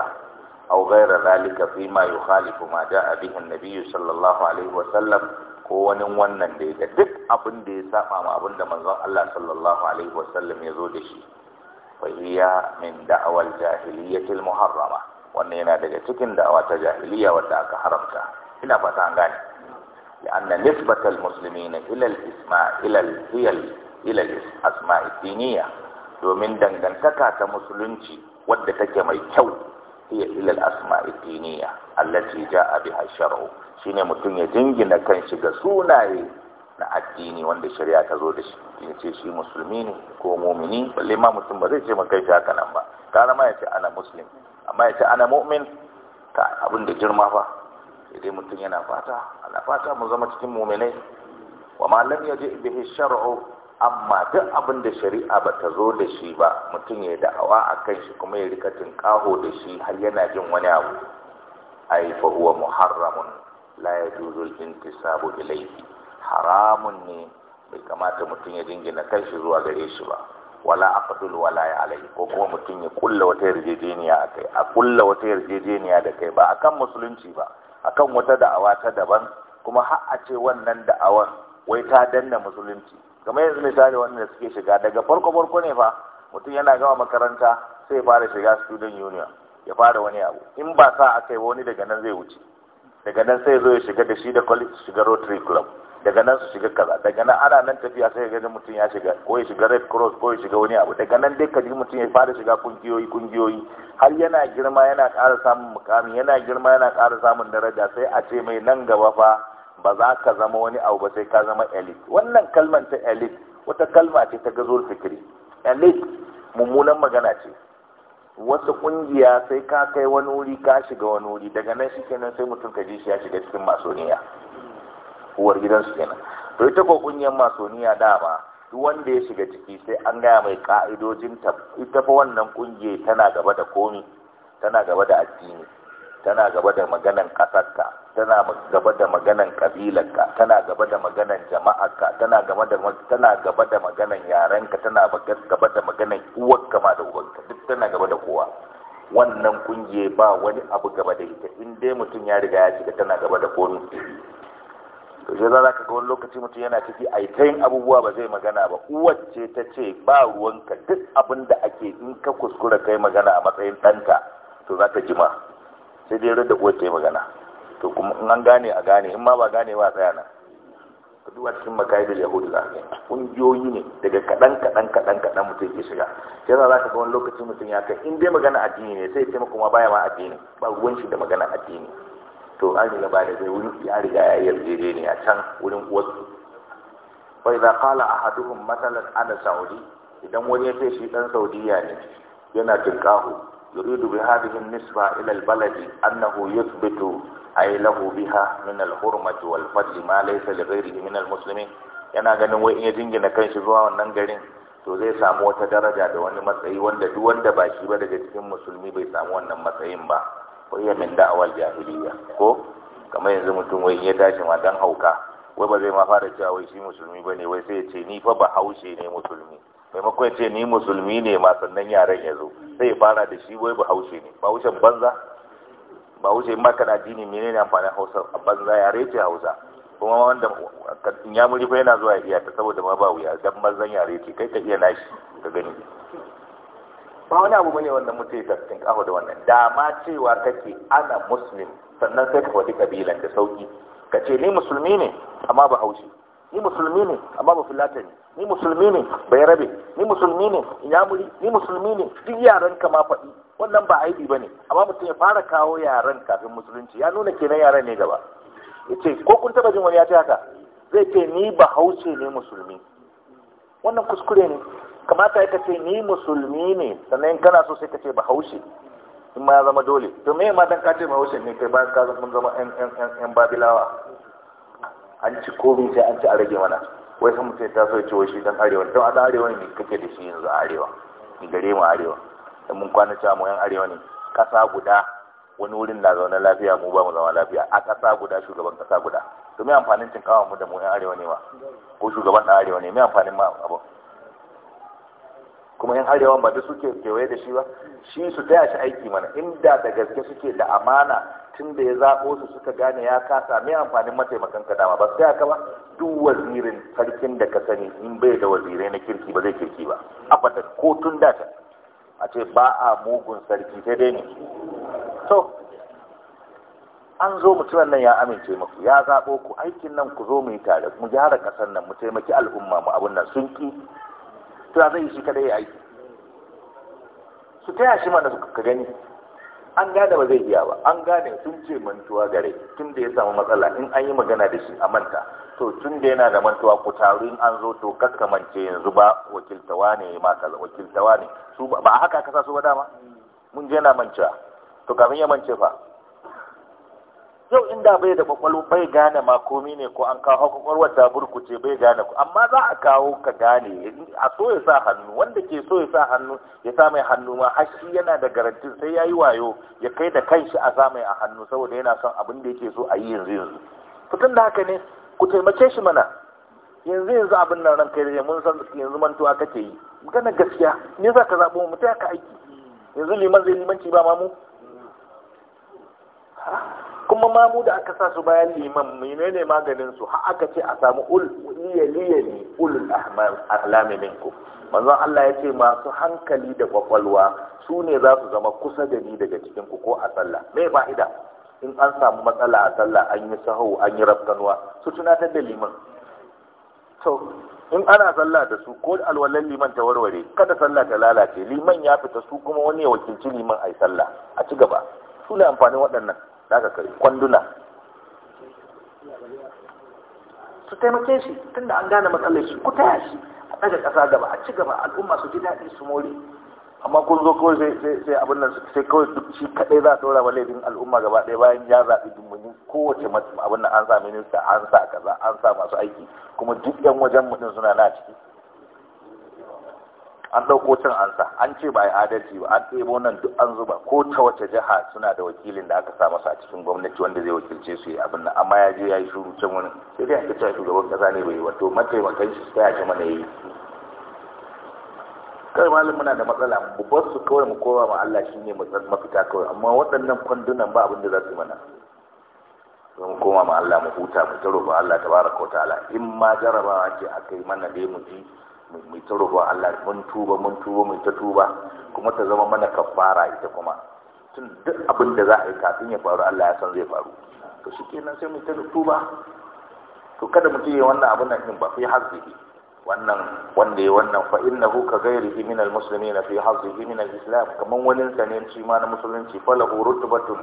au ghayra zalika fi ma yukhalifu ma da'a bihi an-nabiy sallallahu alaihi wa sallam ko wani wannan da ya duk abin da ya saba ma abin da manzon Allah sallallahu alaihi wasallam ya zo da shi fa hiya min da'awal jahiliyyatil muharrama wannan yana daga cikin da'awa ta jahiliya wanda aka haramta ina fata an gane لأن نسبة المسلمين إلى الإسماء إلى هي إلى الأسماء diniya domin dangantaka ta musulunci wadda take mai kyau هي إلى الأسماء الدينية التي جاء بها الشرع shine mutum ya jingina kanshi ga sunaye na addini wanda shari'a ta zo da shi ya ce shi musulmi ne ko mumini balle ma mutum ba zai ce maka shi haka nan ba Kana ma ya ce ana muslim amma ya ce ana mu'min ka abin da girma fa? sai dai mutum yana fata ana fata mu zama cikin muminai wa ma lam yaji bihi shar'u amma duk abin da shari'a ba ta zo da shi ba mutum ya da'awa a kan shi kuma ya rika tinkaho da shi har yana jin wani abu ai fa huwa muharramun la ya juzul intisabu ilaihi haramun ne bai kamata mutum ya jingina kanshi zuwa gare shi ba wala aqdul wala ya alai ko kuma mutum ya kulla wata yarjejeniya a kai a kulla wata yarjejeniya da kai ba akan musulunci ba akan wata da'awa ta daban kuma har a ce wannan da'awar wai ta danna musulunci kamar yanzu misali wanda suke shiga daga farko farko ne fa mutum yana gama makaranta sai ya fara shiga student union ya fara wani abu in ba sa akai ba wani daga nan zai wuce daga nan sai zo ya shiga da shi da college shiga rotary club daga nan su shiga kaza daga nan ana nan tafiya sai ga mutum ya shiga ko ya shiga red cross ko ya shiga wani abu daga nan dai kaji mutum ya fara shiga kungiyoyi kungiyoyi har yana girma yana ƙara samun mukami yana girma yana ƙara samun daraja sai a ce mai nan gaba fa ba za ka zama wani abu ba sai ka zama elite wannan kalmar ta elite wata kalma ce ta gazo fikiri elite mummunan magana ce wata kungiya sai ka kai wani wuri ka shiga wani wuri daga nan shi kenan sai mutum ka ji shi ya shiga cikin masoniya uwar gidansu kenan to ita ko kungiyar masoniya dama duk wanda ya shiga ciki sai an gaya mai ka'idojin ta ita fa wannan kungiya tana gaba da komi tana gaba da addini tana gaba da maganan ƙasarka tana gaba da maganan ƙabilarka tana gaba da maganan jama'arka tana gaba da tana gaba da maganan yarenka tana gaba da maganan uwarka ma da uwarka. duk tana gaba da kowa wannan kungiye ba wani abu gaba da ita in dai mutum ya riga ya shiga tana gaba da komi to sai za ka ga wani lokaci mutum yana ciki a ta yin abubuwa ba zai magana ba uwacce ta ce ba ruwanka duk abin da ake in ka kuskura kai magana a matsayin ɗanta to za ta jima sai dai da uwar ta yi magana to kuma in an gane a gane in ma ba gane ba tsaya nan ka duba cikin makaidar yahudu za ka kungiyoyi ne daga kaɗan kaɗan kaɗan kaɗan mutum ke shiga sai za ka ga wani lokacin mutum ya kai in dai magana addini ne sai ya kuma baya ma addini ba ruwan shi da magana addini to an yi ba da zai wurin ya riga ya yi yarjejeniya can wurin uwarsu wa idza a ahaduhum matsalar ana saudi idan wani ya ce shi ɗan saudiya ne yana tunkahu يريد بهذه النسبة إلى البلد أنه يثبت أي له بها من الحرمة والفضل ما ليس لغيره من المسلمين yana ganin wai in ya jingina shi zuwa wannan garin to zai samu wata daraja da wani matsayi wanda duk wanda ba shi ba daga cikin musulmi bai samu wannan matsayin ba ko ya min da'awal jahiliya ko kamar yanzu mutum wai ya tashi ma dan hauka wai ba zai ma fara cewa wai shi musulmi bane wai sai ya ce ni fa ba haushe ne musulmi maimakon ce ni musulmi ne ma sannan yaren ya zo sai ya fara da shi wai bahaushe ne ba bahaushen banza ba haushe ma kana dini ne amfanin hausa a banza yare ce hausa kuma wanda ya muri fa yana zuwa iya ta saboda ma ba wuya dan banzan yare ce kai ka iya nashi ka gani ba wani abu bane wannan mutai ta cikin kafa da wannan da ma cewa kake ana muslim sannan sai ka faɗi kabilan da sauki ka ce ni musulmi ne amma bahaushe ni musulmi ne amma babu fulatani ni musulmi ne bai rabe ni musulmi ne yamuri ni musulmi ne duk yaran ka ma faɗi wannan ba aibi bane amma mutum ya fara kawo yaran kafin musulunci ya nuna kenan yaran ne gaba yace ko kun taba jin wani ya ce haka zai ce ni bahaushe ne musulmi wannan kuskure ne kamata ya ce ni musulmi ne sannan kana so sai ka ce bahaushe in ma ya zama dole to me ma dan ka ce bahaushe ne kai bayan ka zama yan babilawa an ci komi sai an ci a rage mana wai san mutum ta so ce wai shi dan arewa don an arewa ne kake da shi yanzu a arewa ni gare mu arewa dan mun kwana cewa mu yan arewa ne kasa guda wani wurin na zaune lafiya mu ba mu zama lafiya a kasa guda shugaban kasa guda to me amfanin cin kawo mu da mu yan arewa ne ma ko shugaban da arewa ne me amfanin ma abu kuma yan arewa ba da suke kewaye da shi ba shi su taya shi aiki mana inda da gaske suke da amana tun da ya zaɓo su suka gane ya kasa mai amfanin mataimakan ka dama ba su taya ka ba duk wazirin sarkin da ka sani in bai da wazirai na kirki ba zai kirki ba abada ko tun da ta a ce ba a mugun sarki sai dai ne to an zo mutumin nan ya amince muku ya zaɓo ku aikin nan ku zo mu yi tare mu gyara ƙasar nan mu taimaki al'umma mu abun nan sun ki to zai shi kadai ya yi su taya shi mana ka gani an gane ba zai iya ba an gane sun ce mantuwa gare tun da ya samu matsala in an yi magana da shi a manta to tun da yana da mantuwa ku taru in an zo to mance yanzu ba wakiltawa ne ya kaza wakiltawa ne su ba haka kasa su ba dama mun je na mancewa to kafin ya mance fa yau inda bai da kwakwalwa bai gane ma komi ne ko an kawo kwakwalwa ta burkuce bai gane ku amma za a kawo ka gane a so ya sa hannu wanda ke so ya sa hannu ya sa mai hannu ma har shi yana da garantin sai ya yi wayo ya kai da kanshi a sa mai a hannu saboda yana son abin da yake so a yi yanzu yanzu fitan da haka ne ku taimake shi mana yanzu yanzu abin nan ran kai mun san yanzu mantuwa kake yi magana gaskiya me za ka zaɓo mu ta ka aiki yanzu liman zai limanci ba ma mu kuma mamu da aka sa su bayan liman menene maganin su har aka ce a samu ul ne, ul ahlami minku manzo Allah ya ce masu hankali da kwakwalwa su ne za su zama kusa da ni daga cikin ku ko a sallah me fa'ida in an samu matsala a sallah an yi sahau an yi rafkanuwa su tunatar da liman to in ana sallah da su ko alwalan liman ta warware kada sallah ta lalace liman ya fita su kuma wani ya wakilci liman a yi sallah a ci gaba su ne amfanin waɗannan za ka kwanduna su taimake shi tun da an gane matsalar shi ku taya shi a ɗaga ƙasa gaba a ci gaba al'umma su ji daɗi su more amma kun zo kawai sai abin nan sai kawai duk shi kaɗai za a ɗora wa laifin al'umma gaba ɗaya bayan ya zaɓi dumbuni kowace abin nan an sa minista an sa kaza an sa masu aiki kuma duk 'yan wajen mutum suna na ciki an ɗauko cin ansa an ce ba a adalci ba an ɗebo nan duk an zuba ko ta wace jiha suna da wakilin da aka sa masa a cikin gwamnati wanda zai wakilce su yi abin nan amma ya je ya yi shuru can wani sai dai aka cewa shugaban kasa ne bai yi wato mataimakan shi ta ce mana yi kawai malam muna da matsala mu bar su kawai mu kowa ma Allah shine mafita kawai amma waɗannan kwandunan ba abin da za su yi mana don koma ma Allah mu huta mu ta ba Allah tabaraka wa ta'ala in ma jarabawa ce aka yi mana lemu mu ji mai ta Allah mun tuba mun tuba mun ta tuba kuma ta zama mana kafara ita kuma tun duk abin da za a yi kafin ya faru Allah ya san zai faru to shikenan sai mun ta tuba to kada mu ya wannan abin nan din ba fi hazzi wannan wanda ya wannan fa innahu ka ghairihi min almuslimin fi hazzihi min alislam kaman wani sanin shi ma na musulunci lahu rutbatun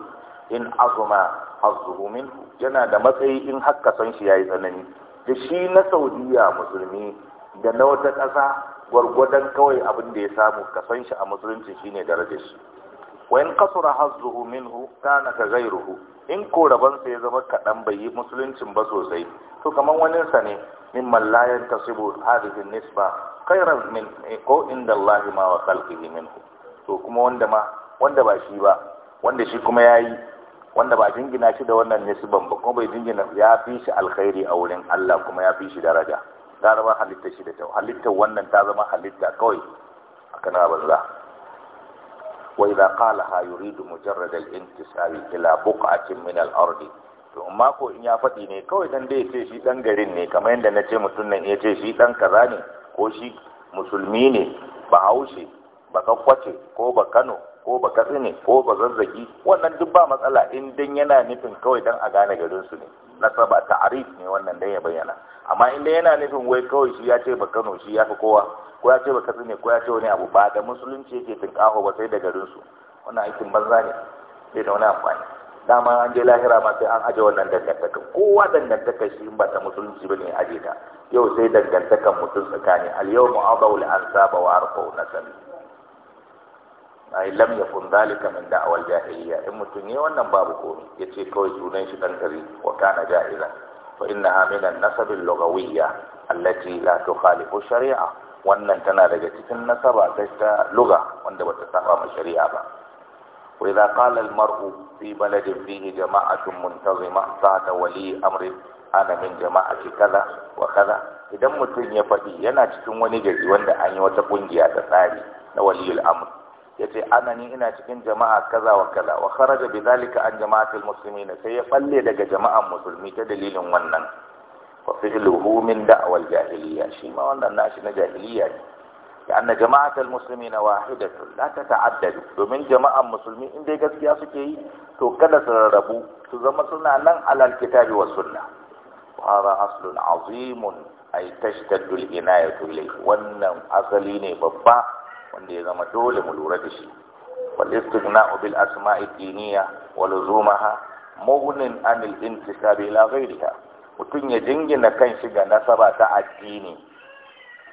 in azuma hazzuhu minhu yana da matsayi in hakka san shi yayi tsanani da shi na Saudiya musulmi da na wata ƙasa gwargwadon kawai abin da ya samu kasan shi a musulunci shine darajar shi wa in kasura hazzuhu minhu kana ka ruhu. in ko rabansa ya zama kaɗan bai yi musuluncin ba sosai to kamar waninsa ne mimman la yantasibu hadhihi nisba khairan min eh, ko inda Allah ma wa khalqihi minhu to kuma wanda ma wanda ba shi ba wanda shi kuma yayi wanda ba jingina shi da wannan nisban ba kuma bai jingina ya fi shi alkhairi a wurin Allah kuma ya fi shi daraja ta zama halitta shi da kyau halittar wannan ta zama halitta kawai a kana banza wa idza qalaha yuridu mujarrad al-intisabi ila buq'atin a al-ardi to amma ko in ya faɗi ne kawai dan ya ce shi dan garin ne kamar yadda na ce mutum nan ya ce shi dan kaza ne ko shi musulmi ne bahaushe baka kwace ko ba kano ko ba katsine ko ba zazzagi wannan duk ba matsala in yana nufin kawai dan a gane garin su ne saba ta'arif ne wannan dan ya bayyana amma in yana nufin wai kawai shi ya ce ba kano shi ya fi kowa ko ya ce ba katsine ko ya ce wani abu ba da musulunci yake kaho ba sai da garin su wannan aikin banza ne sai da wani amfani dama an je lahira ma sai an aje wannan dangantaka kowa dangantaka shi in ba ta musulunci bane ya aje ta yau sai dangantakan mutum tsakani al yawmu adaw ansaba wa arfa'u nasal ai lam yakun zalika min da'wal jahiliya in mutum ne wannan babu komai ce kawai sunan shi dan kare wa kana ja'ilan fa innaha min an-nasab lughawiyya allati la tukhalifu shari'a wannan tana daga cikin nasaba ta lugha wanda bata saba ma shari'a ba wa idza qala al-mar'u fi baladin fihi jama'atun muntazima sa'ata wali amri ana min jama'ati kaza wa kaza idan mutum ya faɗi yana cikin wani gari wanda an yi wata kungiya da tsari na waliyul amr Ya ce anani ina cikin jama'a kaza wa kaza wa kharaja bidhalika an jama'atil muslimin sai ya balle daga jama'an musulmi ta dalilin wannan fa fi'luhu min da'wal jahiliya shi ma wannan nashi na jahiliya ne ya anna jama'atul muslimina wahidatu la tata'addadu domin jama'an musulmi in dai gaskiya suke yi to kada su rarrabu su zama suna nan alal kitabi was sunnah hada aslun azimun ay tashtaddu al-inayatu ilayhi wannan asali ne babba wanda ya zama dole mu lura da shi wal istighna'u bil asma'i diniya wa luzumaha mughnin anil intisabi ila ghayriha mutum ya jingina kan shi ga nasaba ta addini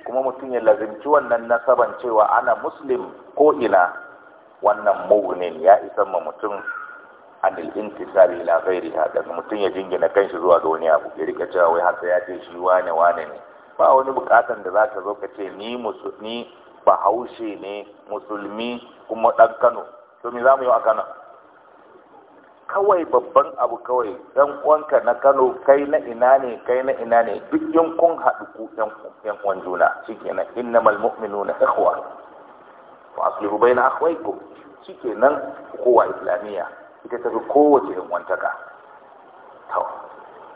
kuma mutum ya lazimci wannan nasaban cewa ana muslim ko ina wannan mughnin ya isa ma mutum anil intisabi ila ghayriha daga mutum ya jingina kan shi zuwa ga wani abu ya cewa wai har ya ce shi wane wane ne ba wani bukatan da za ka zo ka ce ni bahaushe ne musulmi kuma ɗan kano to me za mu yi a kano kawai babban abu kawai ɗan uwanka na kano kai na ina ne kai na ina ne duk yan kun haɗu ku yan uwan juna shikenan innamal mu'minuna ikhwa wa aslihu bayna akhwaykum shikenan kowa islamiyya ita tafi kowace yan ka. to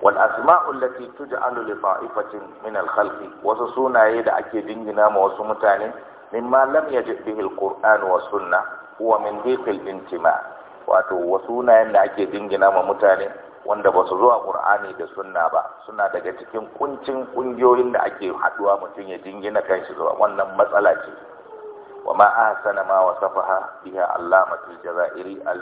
wal asma'u allati tuj'alu li ta'ifatin min al khalqi wasu sunaye da ake dingina ma wasu mutane mimma lam ji bihi alquran wa sunna huwa min dhiqil intima wato wasunayen da ake dingina ma mutane wanda ba su zuwa qur'ani da sunna ba suna daga cikin kuncin kungiyoyin da ake haduwa mutum ya dingina kanshi zuwa wannan matsala ce wa ma ahsana ma wasafaha biha allamatul jazairi al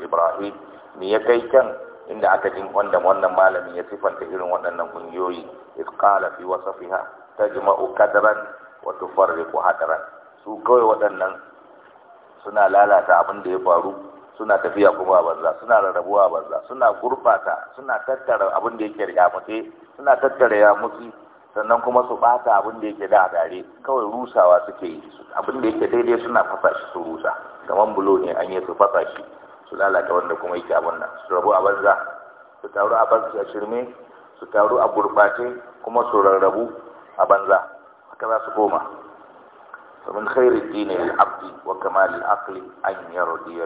ibrahim me ya kai kan inda aka jin wanda wannan malamin ya sifanta irin waɗannan kungiyoyi iz qala fi wasafiha tajma'u kadran wato ko hadara su kawai waɗannan suna lalata abin da ya faru suna tafiya kuma a banza suna rarrabuwa a banza suna gurbata suna tattara abin da yake ya mutse suna tattara ya mutu, sannan kuma su bata abin da yake da dare kawai rusawa suke yi abin da yake daidai suna fasa shi su rusa kamar bulo ne an yi su fasa shi su lalata wanda kuma yake abin nan su rabu a banza su taru a banza shirme su taru a gurbace kuma su rarrabu a banza haka za su koma فمن خير الدين للعبد وكمال العقل أن يرضي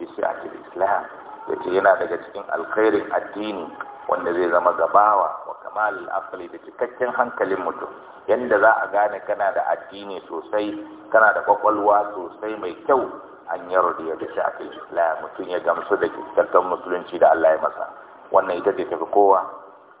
بسعة الإسلام yace yana daga cikin alkhairin addini wanda zai zama gabawa wa kamalul aqli da cikakken hankalin mutum Yadda za a gane kana da addini sosai kana da kwakwalwa sosai mai kyau an yarda da shi a islam mutum ya gamsu da cikakken musulunci da Allah ya masa wannan ita ce tafi kowa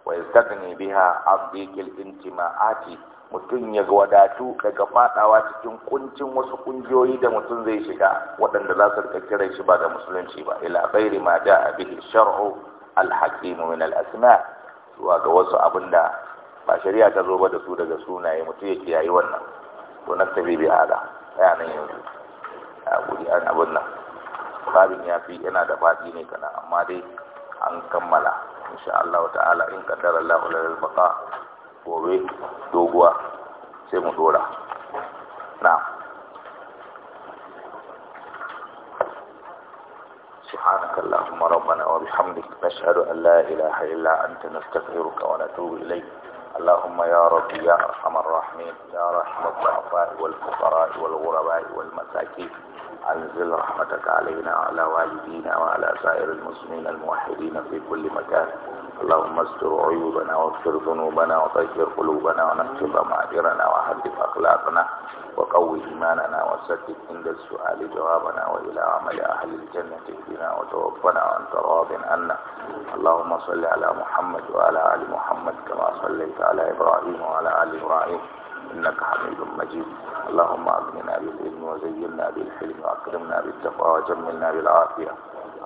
wa yastagni biha an dhikil intima'ati mutum ya wadatu daga fadawa cikin kuncin wasu kungiyoyi da mutum zai shiga waɗanda za su rika kiran shi ba da musulunci ba ila ghairi ma da, a bihi shar'u al min al zuwa ga wasu abin da. ba shari'a ta zo ba da su daga sunaye mutum ya kiyaye wannan to na tabi bi hada ya nan yanzu a guri an abin nan babin ya fi yana da faɗi ne kana amma dai an kammala insha Allah ta'ala in kaddara Allah lana baqa gobe doguwa sai mu dora na سبحانك اللهم ربنا وبحمدك نشهد أن لا إله إلا أنت نستغفرك ونتوب إليك اللهم يا رب يا أرحم الراحمين يا رحم الضعفاء والفقراء والغرباء والمساكين أنزل رحمتك علينا وعلى والدينا وعلى سائر المسلمين الموحدين في كل مكان اللهم استر عيوبنا واغفر ذنوبنا وطهر قلوبنا ونكتب معاذرنا وحدث أخلاقنا وقوي إيماننا وسدد عند السؤال جوابنا وإلى عمل أهل الجنة اهدنا وتوفنا وأنت راض عنا اللهم صل على محمد وعلى آل محمد كما صليت على إبراهيم وعلى آل إبراهيم إنك حميد مجيد اللهم أغننا بالعلم وزينا بالحلم وأكرمنا بالتقوى وجملنا بالعافية